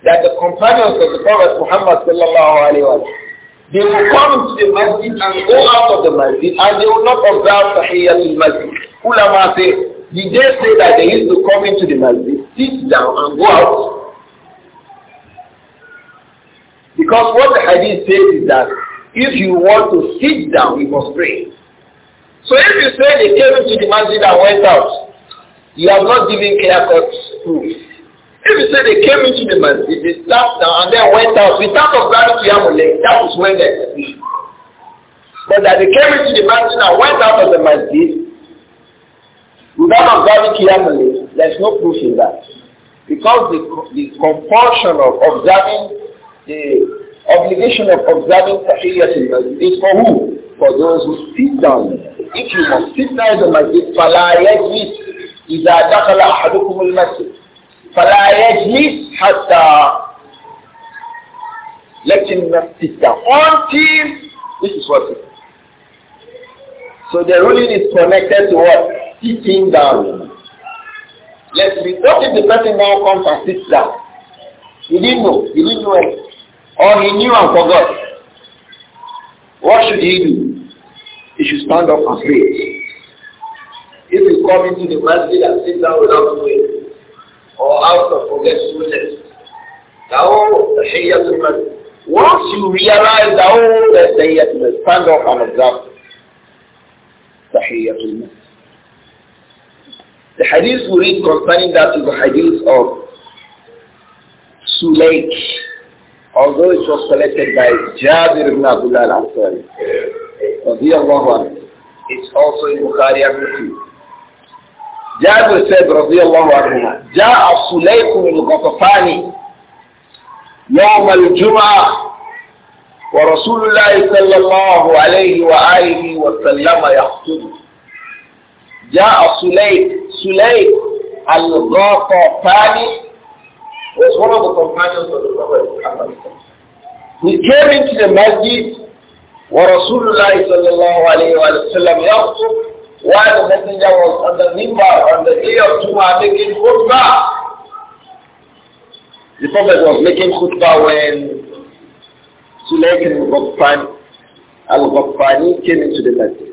Speaker 1: that the companions of the Prophet Muhammad sallallahu alayhi wa sallam they will come to the masjid and go out of the masjid and they will not observe the Masjid. Ulama say, did they say that they used to come into the masjid, sit down and go out? Because what the hadith says is that if you want to sit down, you must pray. So if you say they came into the masjid and went out, you have not given clear-cut proof. If you say they came into the masjid, they sat down and then went out without observing Qiyamulay, that was when they But that they came into the masjid and went out of the masjid without observing Qiyamulay, there's no proof in that. Because the, the compulsion of observing, the obligation of observing Tahiyyat in masjid is for who? For those who sit down. If you must sit down in the masjid, فَلَا يَجْلِسْ إِذَا دَخَلَ أَحَدُكُمُ الْمَسْجِدِ فلا يجلس حتى let him sit down until this is what So the ruling is connected to what? Sitting down. Let's be, what if the person now comes and sits down? He didn't know. He didn't know it. Or he knew and forgot. What should he do? He should stand up and pray. If he come into the masjid and sit down without knowing, or out of forgetfulness. Now, the Masjid. Once you realize that, that that's Tahiyyatul stand up and observe. Tahiyyatul Masjid. The hadith we read concerning that is the hadith of Sulaik, although it was collected by Jabir ibn Abdullah al-Ansari. It's also in Bukhari and Muslim. جابر Jabir رضي الله anhu, جاء سليك بن الغطفاني يوم الجمعة ورسول الله صلى الله عليه وآله وسلم يخطب جاء سليك سليك الغطفاني was one of the companions of the Prophet He came into the masjid ورسول الله صلى الله عليه وآله وسلم يخطب while the messenger was on the mimbar on the day of Juma making khutbah. The Prophet was making khutbah when Sulaiman al-Ghaffani al came into the masjid.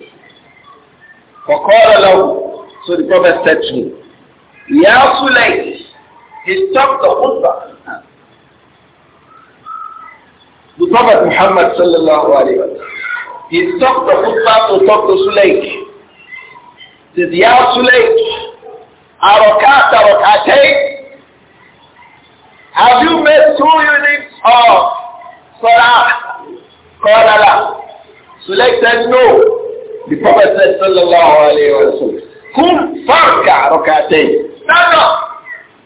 Speaker 1: فقال له So the Prophet said to him, Ya Sulaym, he stopped the khutbah. The Prophet Muhammad sallallahu alayhi wa sallam, he stopped the khutbah to talk to Sulaym says, Ya Suleik, Arakat Arakatay, have you made two units of Salah? Call Allah. said, no. The Prophet said, Sallallahu Alaihi Wasallam, Kum Farka Arakatay. Stand up.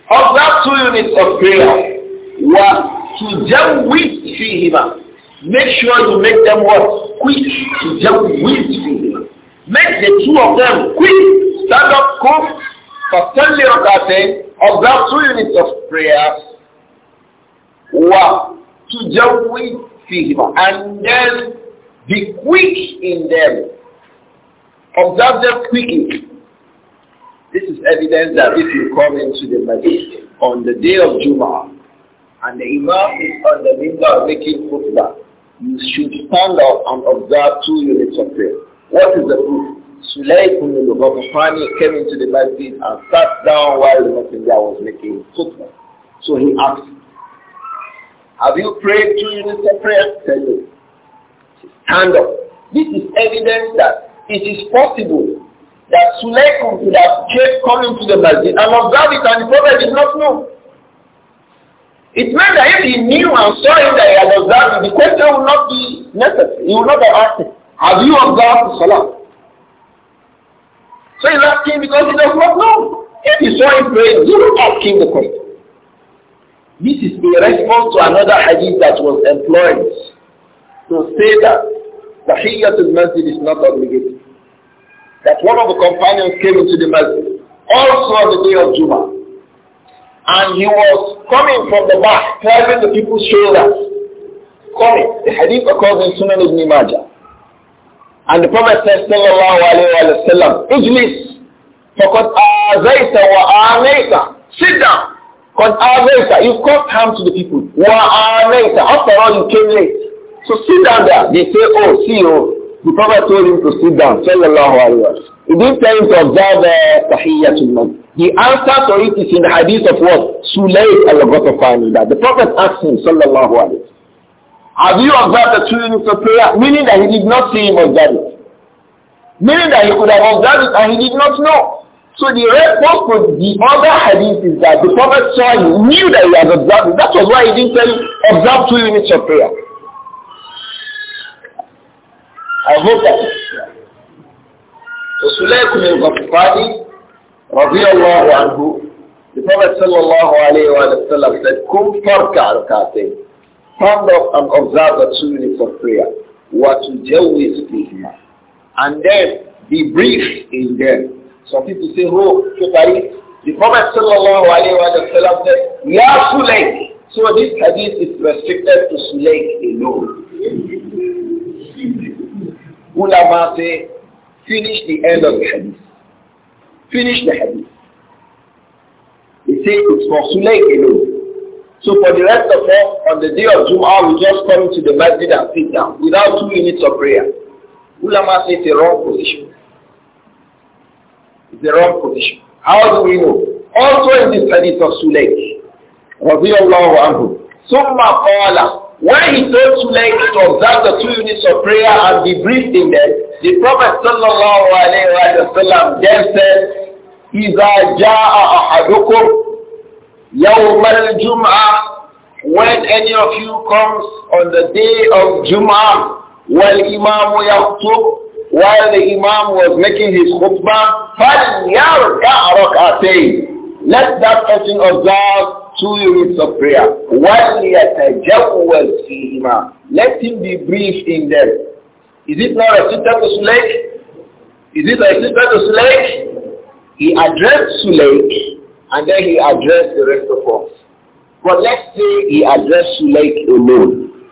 Speaker 1: that two units of prayer. One, to jump with Fihima. Make sure to make them what? Quick to jump with Fihima. Make the two of them quick, stand up, cook, for 10 rak'atain, observe two units of prayer, wa tujawwi fihima, and then be quick in them. Observe them quickly. This is evidence that if you come into the masjid on the day of Juma, and the Imam is on the minbar making khutbah, you should stand up and observe two units of prayer. What is the proof? Sulaykun al-Ghafani came into the masjid and sat down while the messenger was making khutbah. So he asked, have you prayed two units prayer? Tell me. Stand up. This is evidence that it is possible that Sulaikum could have coming to the masjid and observe it and the prophet did not know. It meant that if he knew and saw him that he had observed it, the question would not be necessary. He would not have asked it. Have you observed the salah? So he's asking because he does not know. If he saw him praying, you do ask him the question. This is a response to another hadith that was employed to say that Tahiyyatul Masjid is not obligatory. That one of the companions came into the masjid, also on the day of Juma, And he was coming from the back, driving the people's shoulders. Coming. The hadith occurs in Sunan ibn Majah. And the Prophet said, sallallahu alayhi wa sallam, Ijlis, فَقَدْ wa وَآمَيْتَ Sit down. قَدْ آذَيْتَ You've caused harm to the people. وَآمَيْتَ After all, you came late. So sit down there. They say, oh, see, oh. The Prophet told him to sit down, sallallahu alayhi wa sallam. He didn't tell him to observe the Tahiyyatul The answer to it is in the hadith of what? Sulayt al-Ghatafani. That the Prophet asked him, sallallahu alayhi wa sallam, have you observed the two units of prayer? Meaning that he did not see him observe it. Meaning that he could have observed it and he did not know. So the response to the other hadith is that the Prophet saw him, knew that he had observed it. That was why he didn't tell him, observe two units of prayer. I hope that. So Sulaykun al-Ghafqani, radiyallahu anhu, the Prophet sallallahu alayhi wa sallam said, Kum farka al-katein stand up and observe the two minutes of prayer. What to deal with now? And then be brief in them. Some people say, oh, Kifari, the Prophet sallallahu alayhi wa sallam said, Ya Sulayk. So this hadith is restricted to Sulayk alone. Ulama say, finish the end of the hadith. Finish the hadith. He said, it's for Sulayk alone. So for the rest of us, on the day of Jum'ah, we just come to the masjid and sit down without two minutes of prayer. Ulama say it's a wrong position. It's a wrong position. How do we know? Also in this hadith of Sulaik, radiallahu anhu, summa qala, when he told Sulaik to observe the two units of prayer and be brief in them, the Prophet sallallahu alayhi wa sallam then said, إِذَا جَاءَ أَحَدُكُمْ يوم الجمعة when any of you comes on the day of Jum'ah والإمام يخطب while the Imam was making his khutbah فليركع ركعتين let that person observe two units of prayer وليتجوز فيهما let him be brief in them is it not a sister to Sulaik? is it a sister to Sulaik? he addressed Sulaik and then he addressed the rest of us. But let's say he addressed Sulaik alone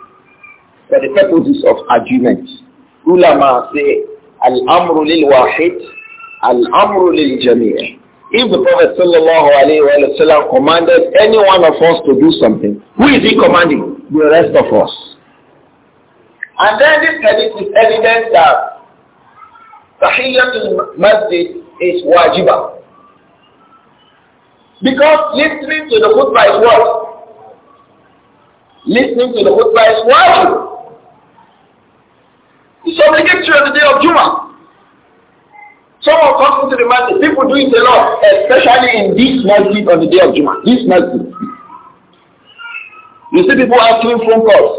Speaker 1: for the purposes of argument. Ulama say, Al-Amru lil-Wahid, Al-Amru lil-Jami'. If the Prophet sallallahu alayhi wa commanded any one of us to do something, who is he commanding? The rest of us. And then this hadith is evidence that Tahiyyatul Masjid is wajibah. Because listening to the khutbah is what? Listening to the khutbah is what? It's obligatory on the day of Juma. Someone comes into the masjid. People do it a lot, especially in this masjid on the day of Juma. This masjid. You see people answering phone calls.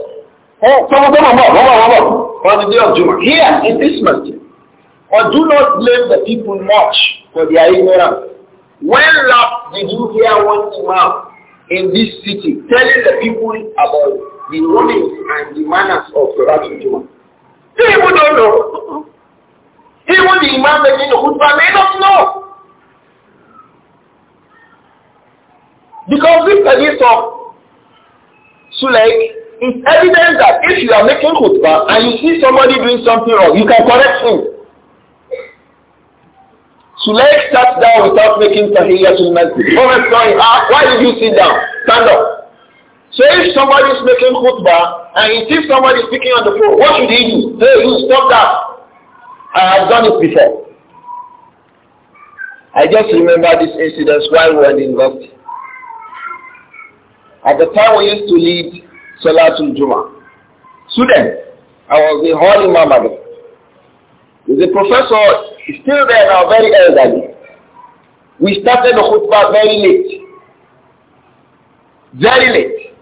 Speaker 1: Oh, come on, come on, come on, come on. On the day of Juma. Here, in this masjid. Or do not blame the people much for their ignorance. When last did you hear one imam in this city telling the people about the rulings and the manners of the Salatul Juma? People don't know. Even the imam making the khutbah may not know. Because this hadith of like it's evident that if you are making khutbah and you see somebody doing something wrong, you can correct him. Sulaik sat down without making Tahiyyatul to Prophet ah, why did you sit down? Stand up. So if somebody is making khutbah and he sees somebody speaking on the phone, what should he do? Hey, you stop that. I have done it before. I just remember this incident while we were in university. At the time we used to lead Salatul Juma. Student, I was the hall imam at the a professor He's still there now, very elderly. We started the khutbah very late. Very late.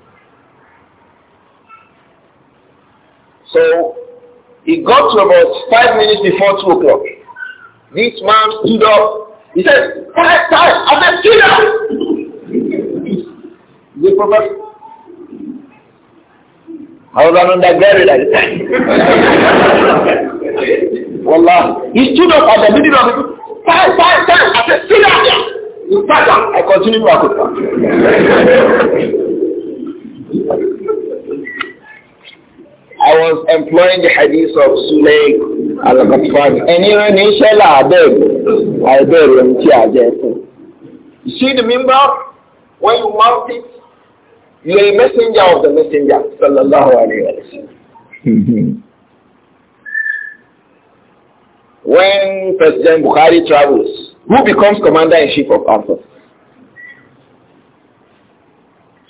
Speaker 1: So it got to about five minutes before two o'clock. This man stood up. He said, five times, I said, stood up. The prophet, I was an undergraduate at the time. Wallah. He stood up at the middle of it. Time, time, I said, sit down there. You sat down. I continued to Africa. I was employing the hadith of Sulaik al-Qatfani. And even inshallah, I did. I did. You see the mimbar? When you mount it, you are a messenger of the messenger. Sallallahu alayhi wa sallam. Hmm, hmm. When President Buhari travels, who becomes commander-in-chief of Arthur?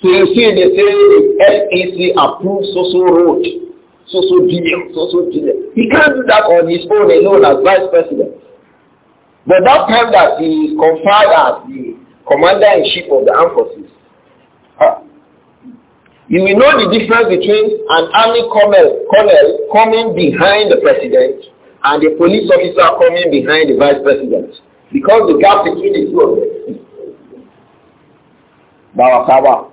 Speaker 1: So you see, they say FEC approves so road, social so deal, so deal. He can't do that on his own alone as vice president. But that time that he is conferred as the commander-in-chief of the armed forces, you will know the difference between an army colonel, colonel coming behind the president and the police officer coming behind the vice president because the gap between the two of them. Bawakawa.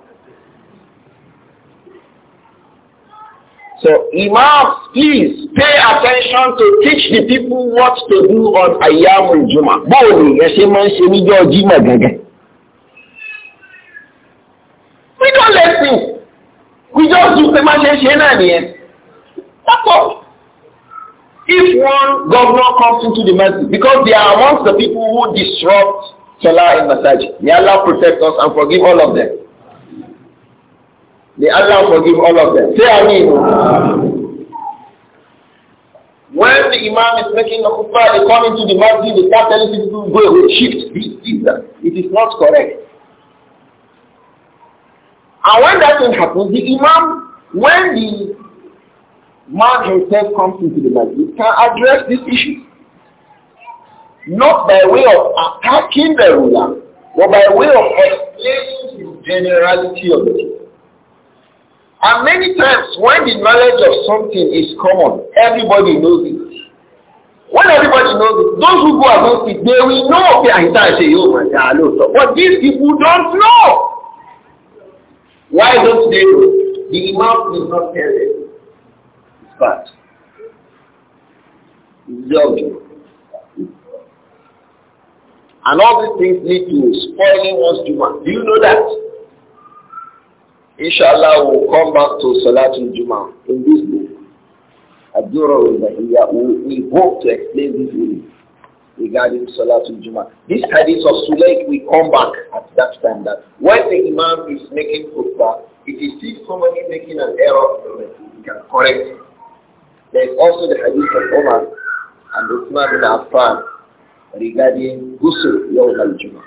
Speaker 1: So imams, please pay attention to teach the people what to do on Ayyamul Juma. Báwo ni ẹ ṣe máa ń ṣe níjọ́ Jímọ̀ gẹ́gẹ́? We don't let you. We just do pé máa ṣe ṣe náà nìyẹn. That's all. If one governor comes into the masjid, because they are amongst the people who disrupt Salah in Masajid, may Allah protect us and forgive all of them. May Allah forgive all of them. Say Ameen. When the Imam is making a khutbah, they come into the masjid, they start telling people, go away, shift, shift. It is not correct. And when that thing happens, the Imam, when the man himself comes into the masjid can address this issue. Not by way of attacking the ruler, but by way of explaining the generality of it. And many times when the knowledge of something is common, everybody knows it. When everybody knows it, those who go against it, they will know they are inside say, oh my God, no, so. But these people don't know. Why don't they know? The Imam is not tell them. But Loving. And all these things lead to spoiling one's Juma. Do you know that? Inshallah, we'll come back to Salatul Juma in this book. Adura Ibrahiyya, we hope to explain this really regarding Salatul Juma. This hadith of Sulaik we come back at that time that when the Imam is making khutbah, if he sees somebody making an error, he can correct it. There is also the hadith of Omar and Uthman bin Affan regarding Ghusl Yawm al-Jum'ah.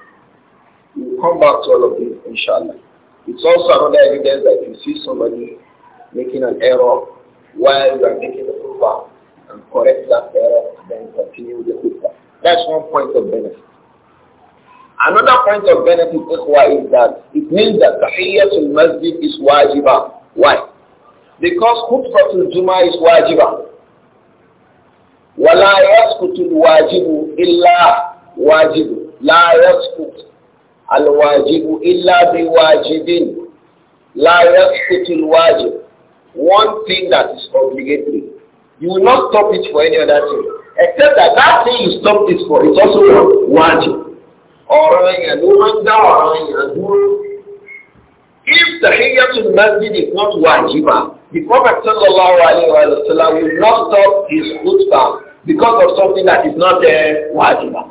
Speaker 1: We will come back to all of this, inshallah. It's also another evidence that if you see somebody making an error while you are making the khutbah and correct that error, then continue with the khutbah. That's one point of benefit. Another point of benefit, ikhwa, is that it means that tahiyyatul masjid is wajibah. Why? Because khutbatul Juma is wajiba. وَلَا يَسْكُتُ الْوَاجِبُ إِلَّا al wajibu illa bi إِلَّا La لَا يَسْكُتُ wajib. One thing that is obligatory. You will not stop it for any other thing. Except that that thing you stop it for is also wajib. ọ̀rọ̀ yẹn ló máa If tahiyyatul masjid is not wajibah. The Prophet sallallahu alayhi wa sallam will not stop his khutbah because of something that is not there, uh, wajiba.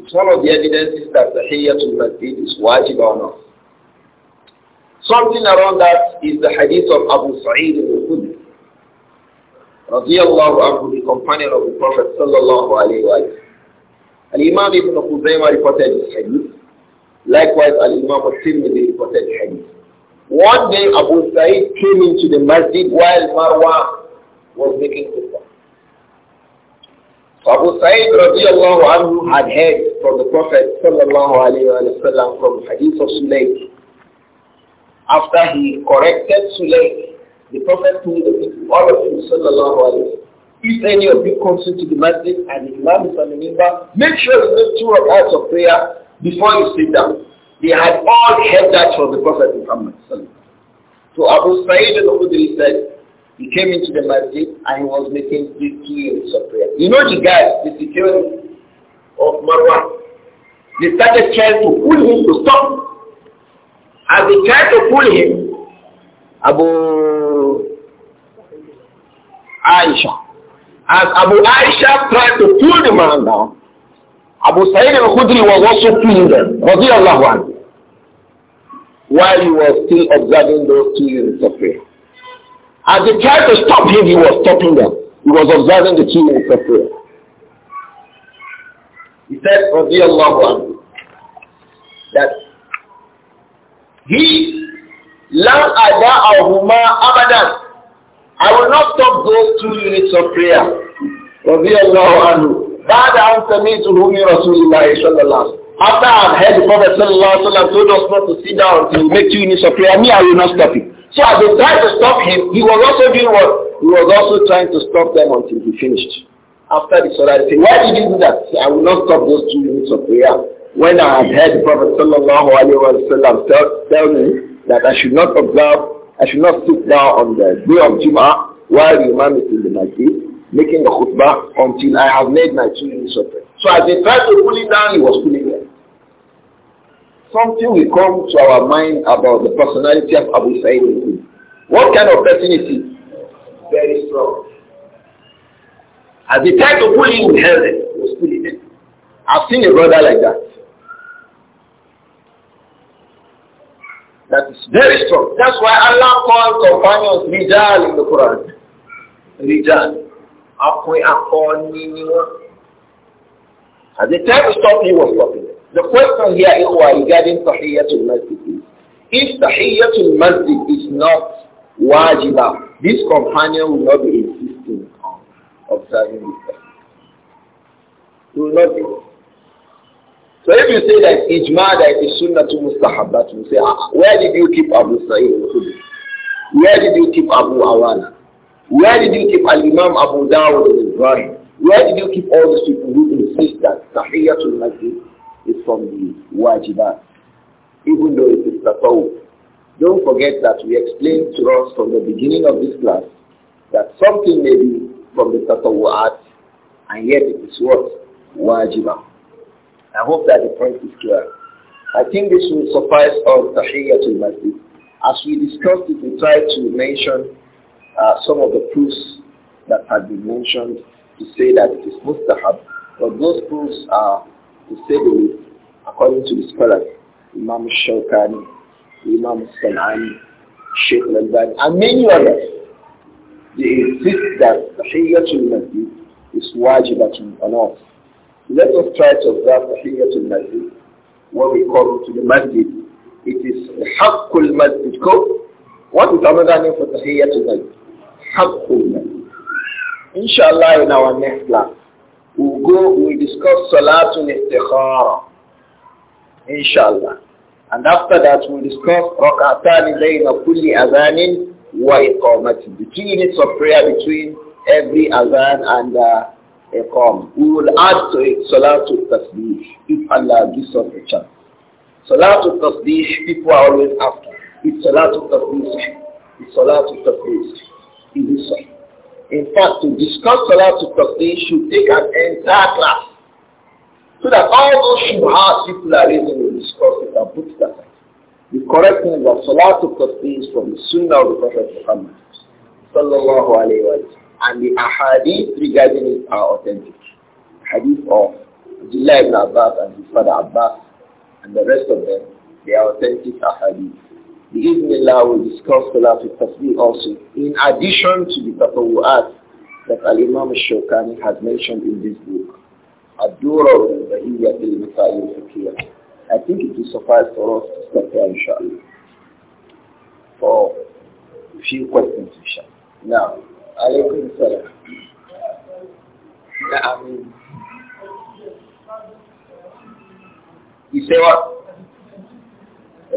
Speaker 1: It's one of the evidences that the Hayyatul Masjid is wajib or not. Something around that is the hadith of Abu Sa'id al-Khudri. Radiallahu anhu, the companion of the Prophet sallallahu alayhi wa sallam. Al-Imam ibn Khuzaymah reported this hadith. Likewise, Al-Imam al-Tirmidhi reported the hadith. One day Abu Sa'id came into the masjid while Marwa was making khutbah. So Abu Sa'id radiallahu anhu had heard from the Prophet sallallahu alayhi wa sallam from hadith of Sulaik. After he corrected Sulaik, the Prophet told all of you sallallahu alayhi wa if any of you comes into the masjid and the Imam is on the member, make sure you make two rakats of prayer before you sit down. They had all heard that from the Prophet Muhammad. So Abu Sa'id al-Khudri said, he came into the masjid and he was making three of prayer. You know the guy, the security of Marwa. they started trying to pull him to stop. As they tried to pull him, Abu Aisha, as Abu Aisha tried to pull the man down, Abu Sa'id al-Khudri was also pulling them while he was still observing those two units of prayer. As they tried to stop him, he was stopping them. He was observing the two units of prayer. He said, Allah that he لَنْ أَدَاءَهُمَا abadan, I will not stop those two units of prayer. رضي الله عنه بعد أن سمعته من رسول الله صلى الله عليه وسلم after I've heard the Prophet sallallahu alaihi wasallam told us not to sit down to make two minutes of prayer, me, I will not stop him. So as they tried to stop him, he was also doing what? He was also trying to stop them until he finished. After the salah, they said, why did you do that? I will not stop those two minutes of prayer. When I have heard the Prophet sallallahu alaihi wasallam tell, tell me that I should not observe, I should not sit down on the day of Jum'ah while the Imam is in the masjid, making the khutbah until I have made my two minutes of prayer. So as they tried to pull it down, he was pulling it something will come to our mind about the personality of Abu Sa'id What kind of person is he? Very strong. As the type of pull in heaven. pulling I've seen a brother like that. That is very strong. That's why Allah calls companions Rijal in the Quran. Rijal. At the time he stopped, he was stopping. The question here ikhwa, regarding Tahiyyatul Masjid is, if Tahiyyatul Masjid is not wajiba, this companion will not be insisting on observing this. He will not be. So if you say that ijma that is sunnah to mustahabat, you say, ah, where did you keep Abu Sa'id Where did you keep Abu Awana? Where did you keep Al-Imam Abu Dawud al-Ibrahim? Where did you keep all these people who insist that Sahiyatul Masjid is from the wajibat, even though it is tatawuf. Don't forget that we explained to us from the beginning of this class that something may be from the tatawu'at and yet it is what? Wajibah. I hope that the point is clear. I think this will suffice on Tahiyyatul Masjid. As we discussed it, we tried to mention uh, some of the proofs that had been mentioned to say that it is mustahab, but those proofs are to say the least, according to the scholars, Imam Shawkani, Imam Sanani, Sheikh and many others, they insist that Tahiyyatul Masjid is wajibatun on us. Let us try to observe Tahiyyatul Masjid when we come to the Masjid. It is Haqqul Masjid What is another name for Tahiyyatul Masjid? Haqqul Masjid. Inshallah in our next class we will go, we will discuss Salatul Istikhara, inshallah. And after that, we will discuss Rakatan Bayna Kulli Azanin wa Iqamati, the three units of prayer between every Azan and uh, Iqam. We will add to it Salatul Tasbih, if Allah gives us a chance. Salatul Tasbih, people are always after. It's Salatul Tasbih, it's Salatul Tasbih, it is so. In fact, to discuss Salatul Tasbih should take an entire class. So that all those have people are raising will discuss it and put it aside. The correct thing about Salatul Tasbih from the Sunnah of the Prophet Muhammad sallallahu alayhi wa And the ahadith regarding it are authentic. Hadith of Abdullah ibn Abbas and his father Abbas and the rest of them, they are authentic ahadith. The evening, Bismillah will discuss the last tasbih also. In addition to the tatawu'at that Al-Imam Shawkani has mentioned in this book, Ad-Dura al-Bahiyya I think it will suffice for us to stop here inshallah for a few questions inshallah. Now, alaykum salam. Na'am. You say what?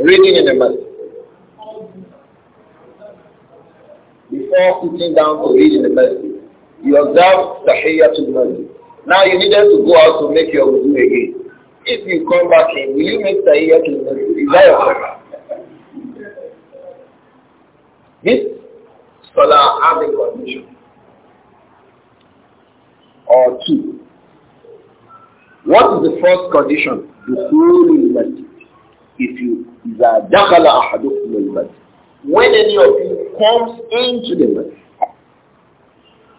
Speaker 1: Reading in the mosque. before sitting down to reach the message, You observe to the message. Now you needed to go out to make your wudu again. If you come back in, will you make the Masjid? Is that your problem? This scholar has a condition or two. What is the first condition? The whole masjid. If you إذا دخل أحدكم المسجد when any of you comes into the masjid.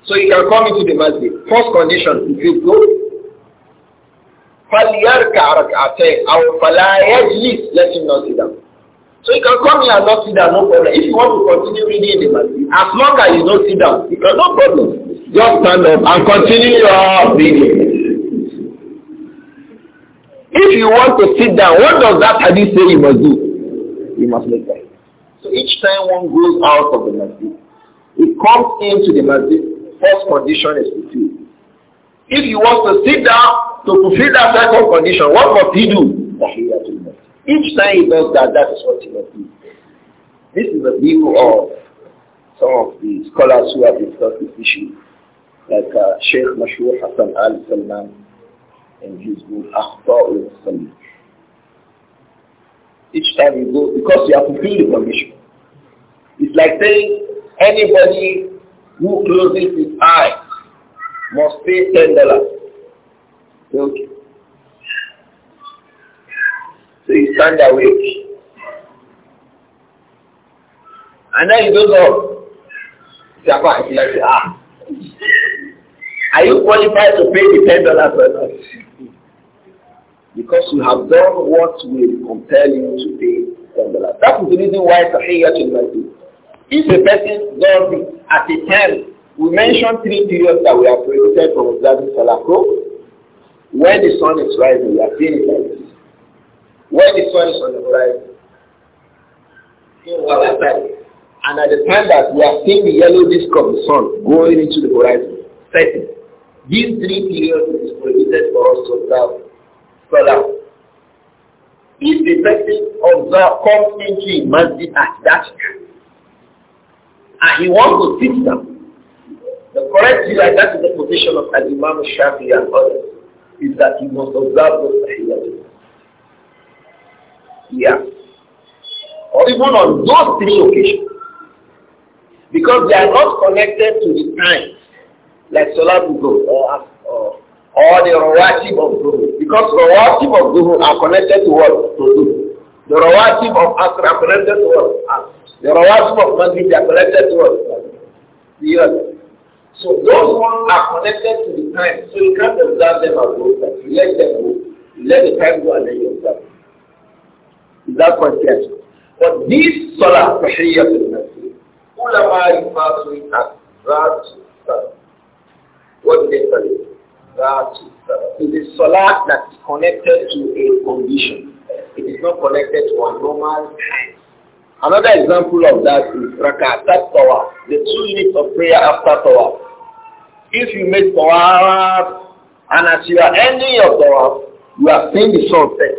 Speaker 1: So you can come into the masjid. First condition, if you go, فَلْيَرْكَعْ رَكْعَتَيْنِ أَوْ فَلَا يَجْلِسْ Let him not sit down. So you can come here and not sit down, no problem. If you want to continue reading in the masjid, as long as you don't sit down, you can, no problem. Just stand up and continue your reading. If you want to sit down, what does that hadith say you must do? You must make time. So each time one goes out of the masjid, it comes into the masjid, first condition is fulfilled. If he wants to sit down to fulfill that second condition, what must he do? Each time he does that, that is what he must do. This is the view of some of the scholars who have discussed this issue, like uh, Sheikh Mashur Hassan Al Salman in his book Akhtar al Salman each time you go because you have fulfilled the condition. It's like saying anybody who closes his eyes must pay ten dollars. Okay. So you stand awake. And then you don't know. Japa, you like, ah. Are you qualified to pay the ten dollars or not? Because you have done what will compel you to pay Qandala. That is the reason why Tahiyyatul Masjid. If a person does it at a time, we mentioned three periods that we are prohibited from observing Salah When the sun is rising, we are seeing it like this. When the sun is on the horizon, and at the time that we are seeing the yellow disk of the sun going into the horizon, setting, these three periods is prohibited for us to observe Salah. If the person observe, comes into a masjid at that time, and he wants to teach them, the correct view, that is the position of an Imam Shafi and others, is that he must observe those tahiyyatul Yeah. Or even on those three occasions. Because they are not connected to the time, like Salah will or, or or the rawatib of Zuhur. Because rawatib of Zuhur are connected to what? To Zuhur. The rawatib of Asr are connected to what? Asr. The rawatib of Maghrib are connected to what? The earth. So those ones are connected to the time. So you can't observe them as both times. You let them go. You let the time go and then you observe. Is that conscious? But this salah, tahiyyatul masjid, ulama refers to it as Rajul Salah. What they call it? to a salah that is connected to a condition. It is not connected to a normal time. Another example of that is rakat tawaf, the two minutes of prayer after tawaf. If you make prayer, and as you are ending your tawaf, you are seeing the sun set.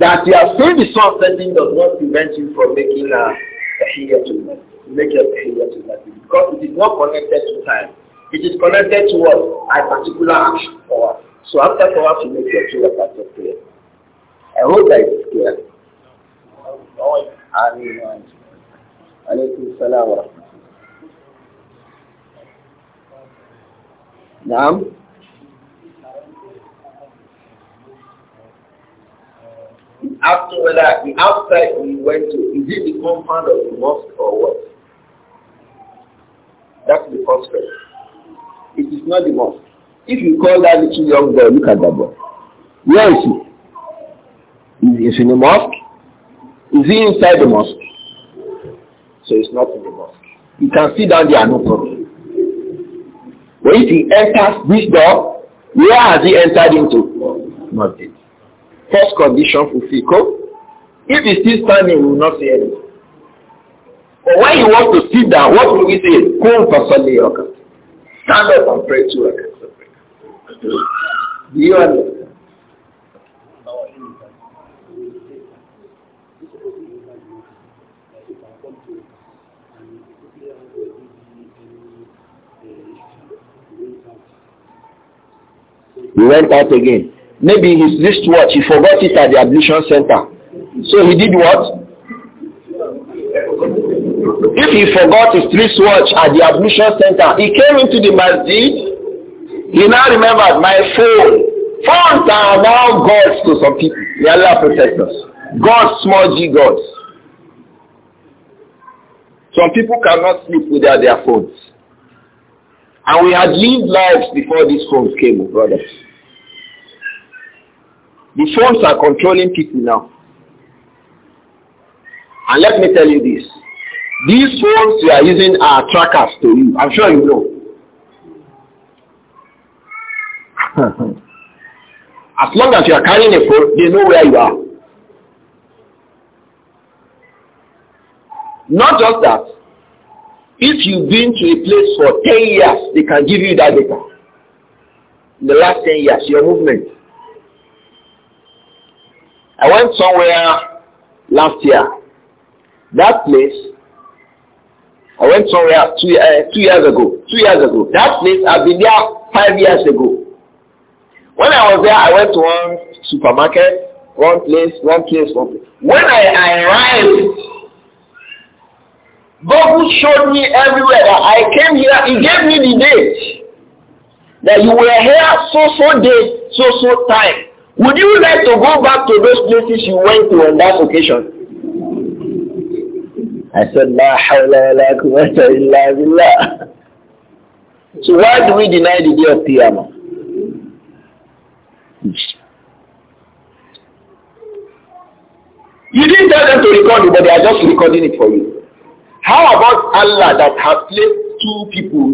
Speaker 1: That you are seeing the sun setting does not prevent you from making a to make your to that because it is not connected to time. It is connected to what? A particular action for So after Tawaf, you make your two rakats of prayer. I hope that it's clear. Amen. Alaykum salam wa Naam. After that, uh, the outside we went to, is it the compound of the mosque or what? That's the first question. It is not the mosque. If you call that little young boy, look at that boy. Where is he? Is he in the mosque? Is he inside the mosque? So it's not in the mosque. You can see down there, no problem. But if he enters this door, where has he entered into? Not it. First condition for Fiko. If he's still standing, we will not see anything. But when he wants to sit down, what will he say? Come for Sunday, okay. Stand up and pray to rakats of Do you understand? He went out again. Maybe his wristwatch, he forgot it at the ablution center. So he did what? If he forgot his wristwatch at the admission center, he came into the masjid, he now remembered my phone. Phones are now gods to some people. May Allah protect us. Gods, small g gods. Some people cannot sleep without their phones. And we had lived lives before these phones came, brothers. The phones are controlling people now. And let me tell you this. These phones you are using are trackers to you. I'm sure you know. as long as you are carrying a phone, they know where you are. Not just that. If you've been to a place for 10 years, they can give you that data. In the last 10 years, your movement. I went somewhere last year. That place, I went somewhere two, uh, two years ago. Two years ago. That place, I've been there five years ago. When I was there, I went to one supermarket, one place, one place, one place. When I, I arrived, God showed me everywhere that I came here. He gave me the date. That you were here so, so days, so, so time. Would you like to go back to those places you went to on that occasion? I said, La hawla la quwwata illa billah. So why do we deny the day of Qiyamah? You didn't tell them to record it, but they are just recording it for you. How about Allah that has placed two people,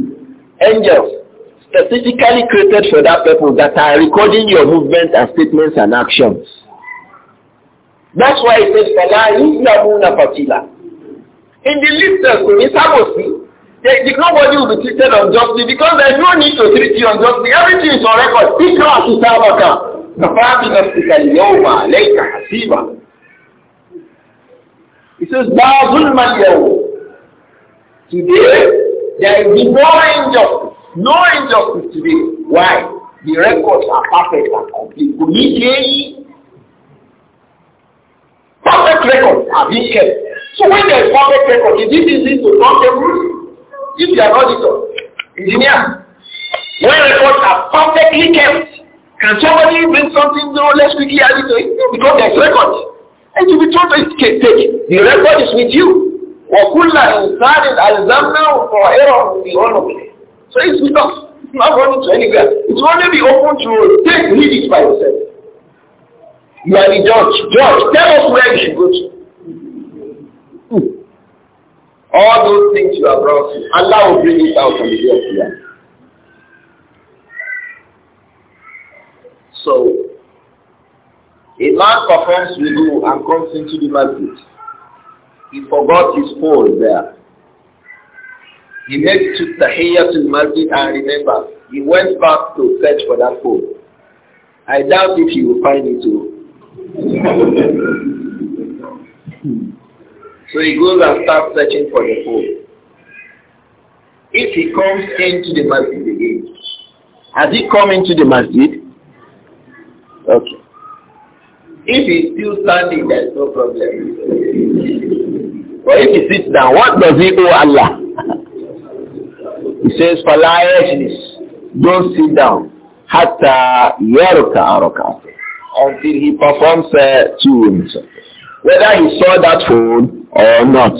Speaker 1: angels, specifically created for that purpose that are recording your movements and statements and actions? That's why it says, فَلَا يُسْلَمُونَ فَتِيلًا in the least uh, in Sabosi, nobody will be treated unjustly because there's no need to treat you unjustly. Everything is on record. Ikra hisabaka. كفى بنفسك اليوم says, لا ظلم Today, there is no injustice. No injustice today. Why? The records are perfect and complete. Immediately, perfect records are being kept. So when there is market record, is it easy to run tables? If you are not auditor, engineer, when records are perfectly kept, can somebody bring something no less quickly add it to it? Because there's record. And you be told it can take. The record is with you. وَكُلَّ إِنسَانٍ أَلْزَمْنَهُ طَائِرَهُ فِي عُنُقِهِ So it's with us. It's not running to anywhere. It's only be open to take, read it by yourself. You are the judge. Judge, tell us where you should go to. All those things you have brought to, Allah will bring it out on the day of Qiyamah. So, a man performs you and comes into the market. He forgot his phone there. He made to tahiyya to the and remember, he went back to search for that phone. I doubt if he will find it too. So he goes and starts searching for the hole. If he comes into the masjid again, has he come into the masjid? Okay. If he's still standing, there's no problem. But if he sits down, what does he owe Allah? he says, فَلَا يَجْلِسْ Don't sit down. Hatta yaruka aruka Until he performs uh, two Whether he saw that phone or not?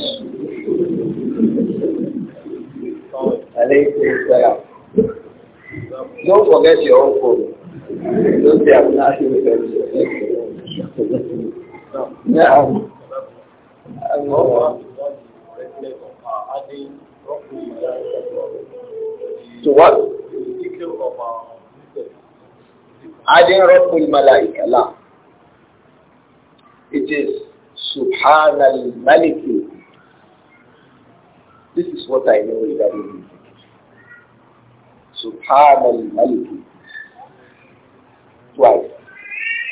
Speaker 1: Don't forget your own phone. Don't say I'm not No. I'm not. To what? Adding Rabbul Allah. It is Subhan al Maliki. This is what I know regarding music. Subhan al Maliki. Twice.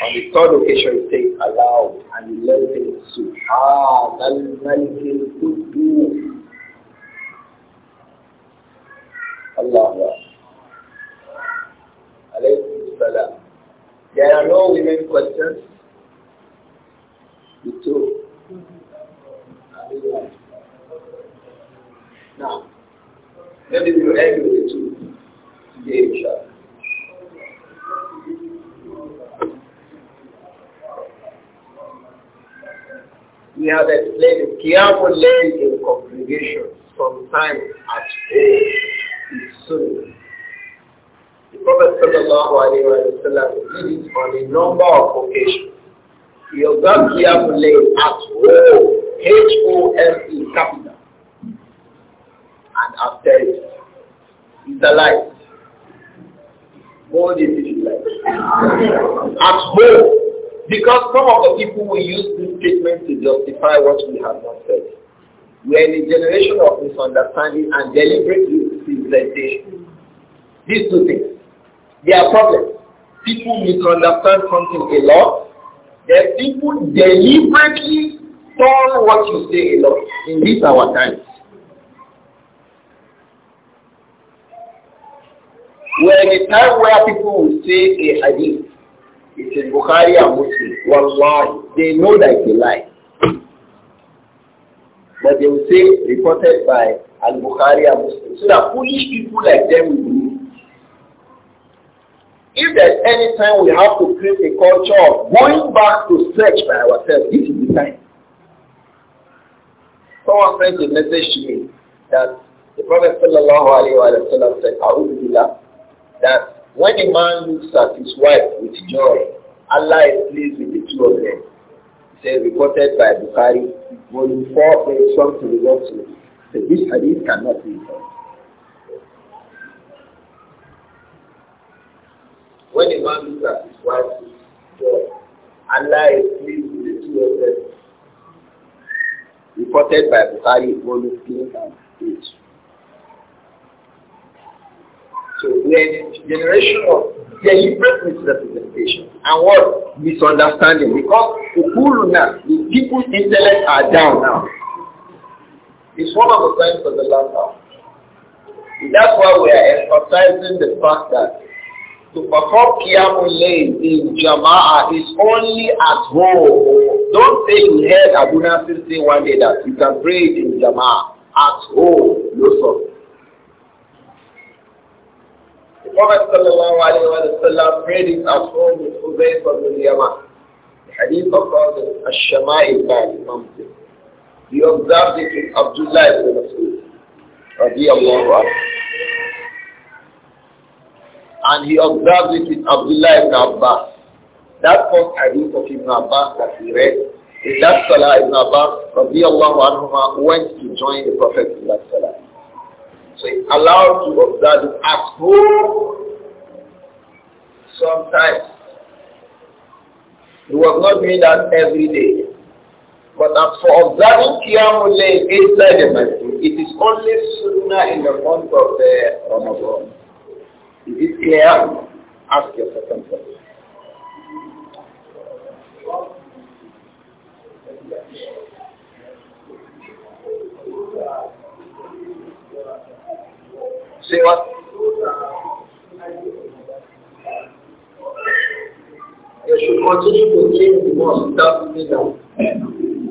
Speaker 1: On the third occasion, it says aloud and he learns it Subhan al Maliki Kudu. Allah. Alaykum salam. There are no women questions. will the two We have explained Qiyamul Layl in congregation time at all is soon. The Prophet sallallahu did it on a number of occasions. He observed Qiyamul Layl at home, H O L E capital, and after the light. all it in light. At home. Because some of the people will use this statement to justify what we have not said. We are in a generation of misunderstanding and deliberate misrepresentation. These two things. They are problems. People misunderstand something a lot. Then people deliberately turn what you say a lot in this our time. when the time where people will say a hadith. It's in Bukhari and Muslim. Wallahi. They know that it's a lie. But they will say reported by Al-Bukhari and Muslim. So that foolish people like them will believe. If there's any time we have to create a culture of going back to search by ourselves, this is the time. Someone sent a message to me that the Prophet sallallahu alayhi wa sallam said, A'udhu billah, that when a man looks at his wife with joy, Allah is pleased with the two of them. It says reported by Bukhari, volume 4, page 1 the gospel. So this hadith cannot be found. When a man looks at his wife with joy, Allah is pleased with the two of them. Reported by Bukhari, volume 3, page so we generation of deliberate misrepresentation and what? Misunderstanding. Because Ukuluna, the people's intellect are down now. It's one of the signs of the last hour. That's why we are emphasizing the fact that to perform Qiyamul Layl in jamaa is only at home. Don't say you heard Abu say one day that you can pray in jamaa at home. No, sir. Prophet sallallahu alayhi wa sallam prayed it at home with Huzayf ibn Yaman. The hadith of God is Ash-Shama'il by Imam He observed it with Abdullah ibn Masud, radiallahu And he observed it with Abdullah ibn Abbas. That first hadith of Ibn Abbas that he, read, is that Salah ibn Abbas, radiallahu anhu, went to join the Prophet in that Salah. So it's allowed to observe it at home sometimes. you was not doing that every day. But as for observing Qiyamul inside the masjid, it is only sooner in the month of the uh, Ramadan. Is it clear? Ask your second question. Say what? You should continue to keep the most without sitting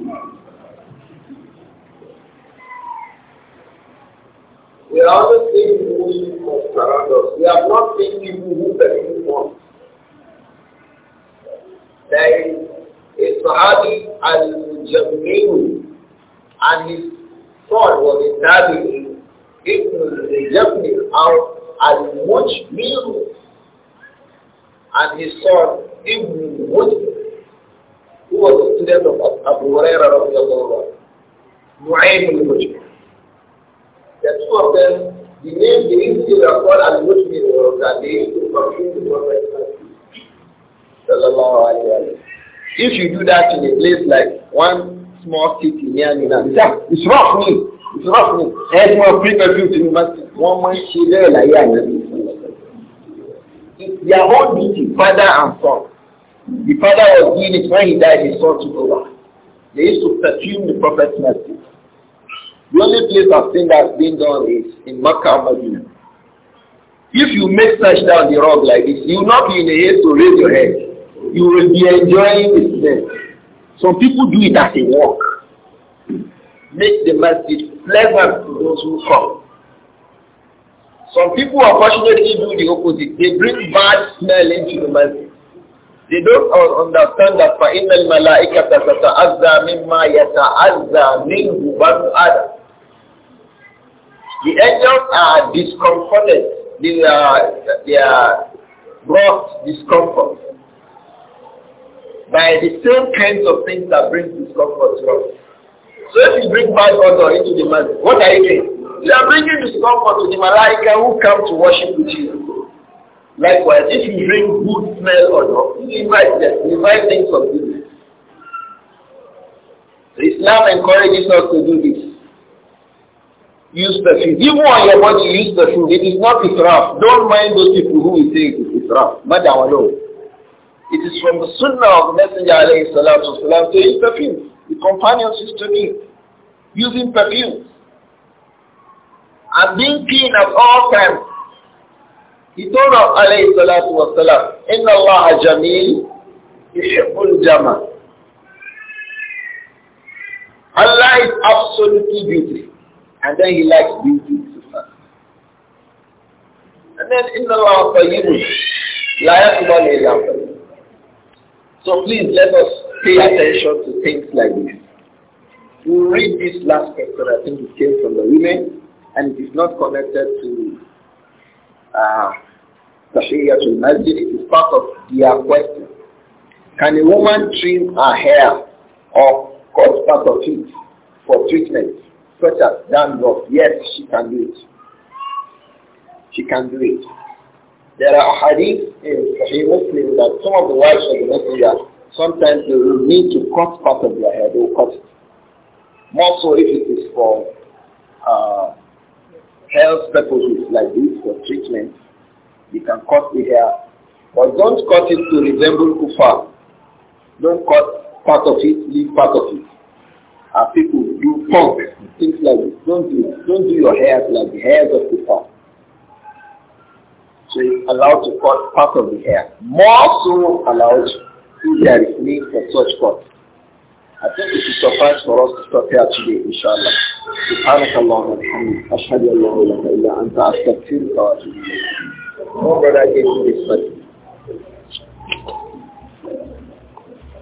Speaker 1: We are seeing the Muslim mosques around us. We have not seen people who perfume want. There is a Sahabi al-Jamil and his son was a Ibn out al-Mujmir and his son Ibn Mujmir who was a student of Abu Huraira radiallahu Nu'aym al-Mujmir. The two of them, the name they used to call al-Mujmir was that they used to confuse the Prophet sallallahu alayhi wa If you do that in a place like one small city near Milan, ah, it's rough, wrong rọ́ọ̀kì ẹ tí wọ́n pín pẹ̀lú tí wọ́n máa ń ṣe bẹ́ẹ̀ láyé àná. Their own duty, father and son. The father was doing it when he died, his son took over. They used to perfume the prophet's message. The only place I've seen that being done is in Makkah, Medina. If you make such down the rug like this, you will not be in a haste to raise your head. You will be enjoying the smell. Some people do it as a walk. Make the masjid pleasant to those who come. Some people unfortunately do the opposite. They bring bad smell into the masjid. They don't understand that فَإِنَّ الْمَلَائِكَةَ تَتَعَذَّى مِمَّا يَتَعَذَّى مِنْهُ بَنُو آدَمَ The angels are discomforted. They are, they are brought discomfort by the same kinds of things that bring discomfort to us. So if you bring bad odor into the mosque, what are you doing? You are bringing discomfort to the malaika who come to worship with you. Likewise, if you bring good smell odor, you invite them, you invite things of goodness. Islam encourages us to do this. Use perfume. Even on your body, use perfume. It is not israf. Don't mind those people who will say it is israf. Madam know. It is from the sunnah of the Messenger alayhi salatu salam to use perfume. The companions used to be using perfume and being clean at all times. He told us, alayhi salatu wa salam, Inna Allah jameel, yuhibbul jama. Allah is absolutely beautiful. And then he likes beauty And then, Inna Allah tayyibun, la yakubal So please let us pay attention to things like this. We will read this last question, I think it came from the women, and it is not connected to uh, to imagine. it is part of their question. Can a woman trim her hair or cut part of it for treatment, such as dandruff? Yes, she can do it. She can do it. There are hadith in Sahih Muslim that some of the wives of the Messenger Sometimes they will need to cut part of their hair, they cut it. More so if it is for uh, health purposes like this, for treatment, you can cut the hair. But don't cut it to resemble kufa. Don't cut part of it, leave part of it. And people do punk, things like this. Don't do, don't do your hair like the hairs of kufa. So it's allowed to cut part of the hair. More so allowed there is need for such courts. I think it should suffice for us to stop here today, inshallah. سبحانك اللهم وبحمدك أشهد أن لا إله إلا أنت أستغفرك وأتوب إليك. What brother gave you this money?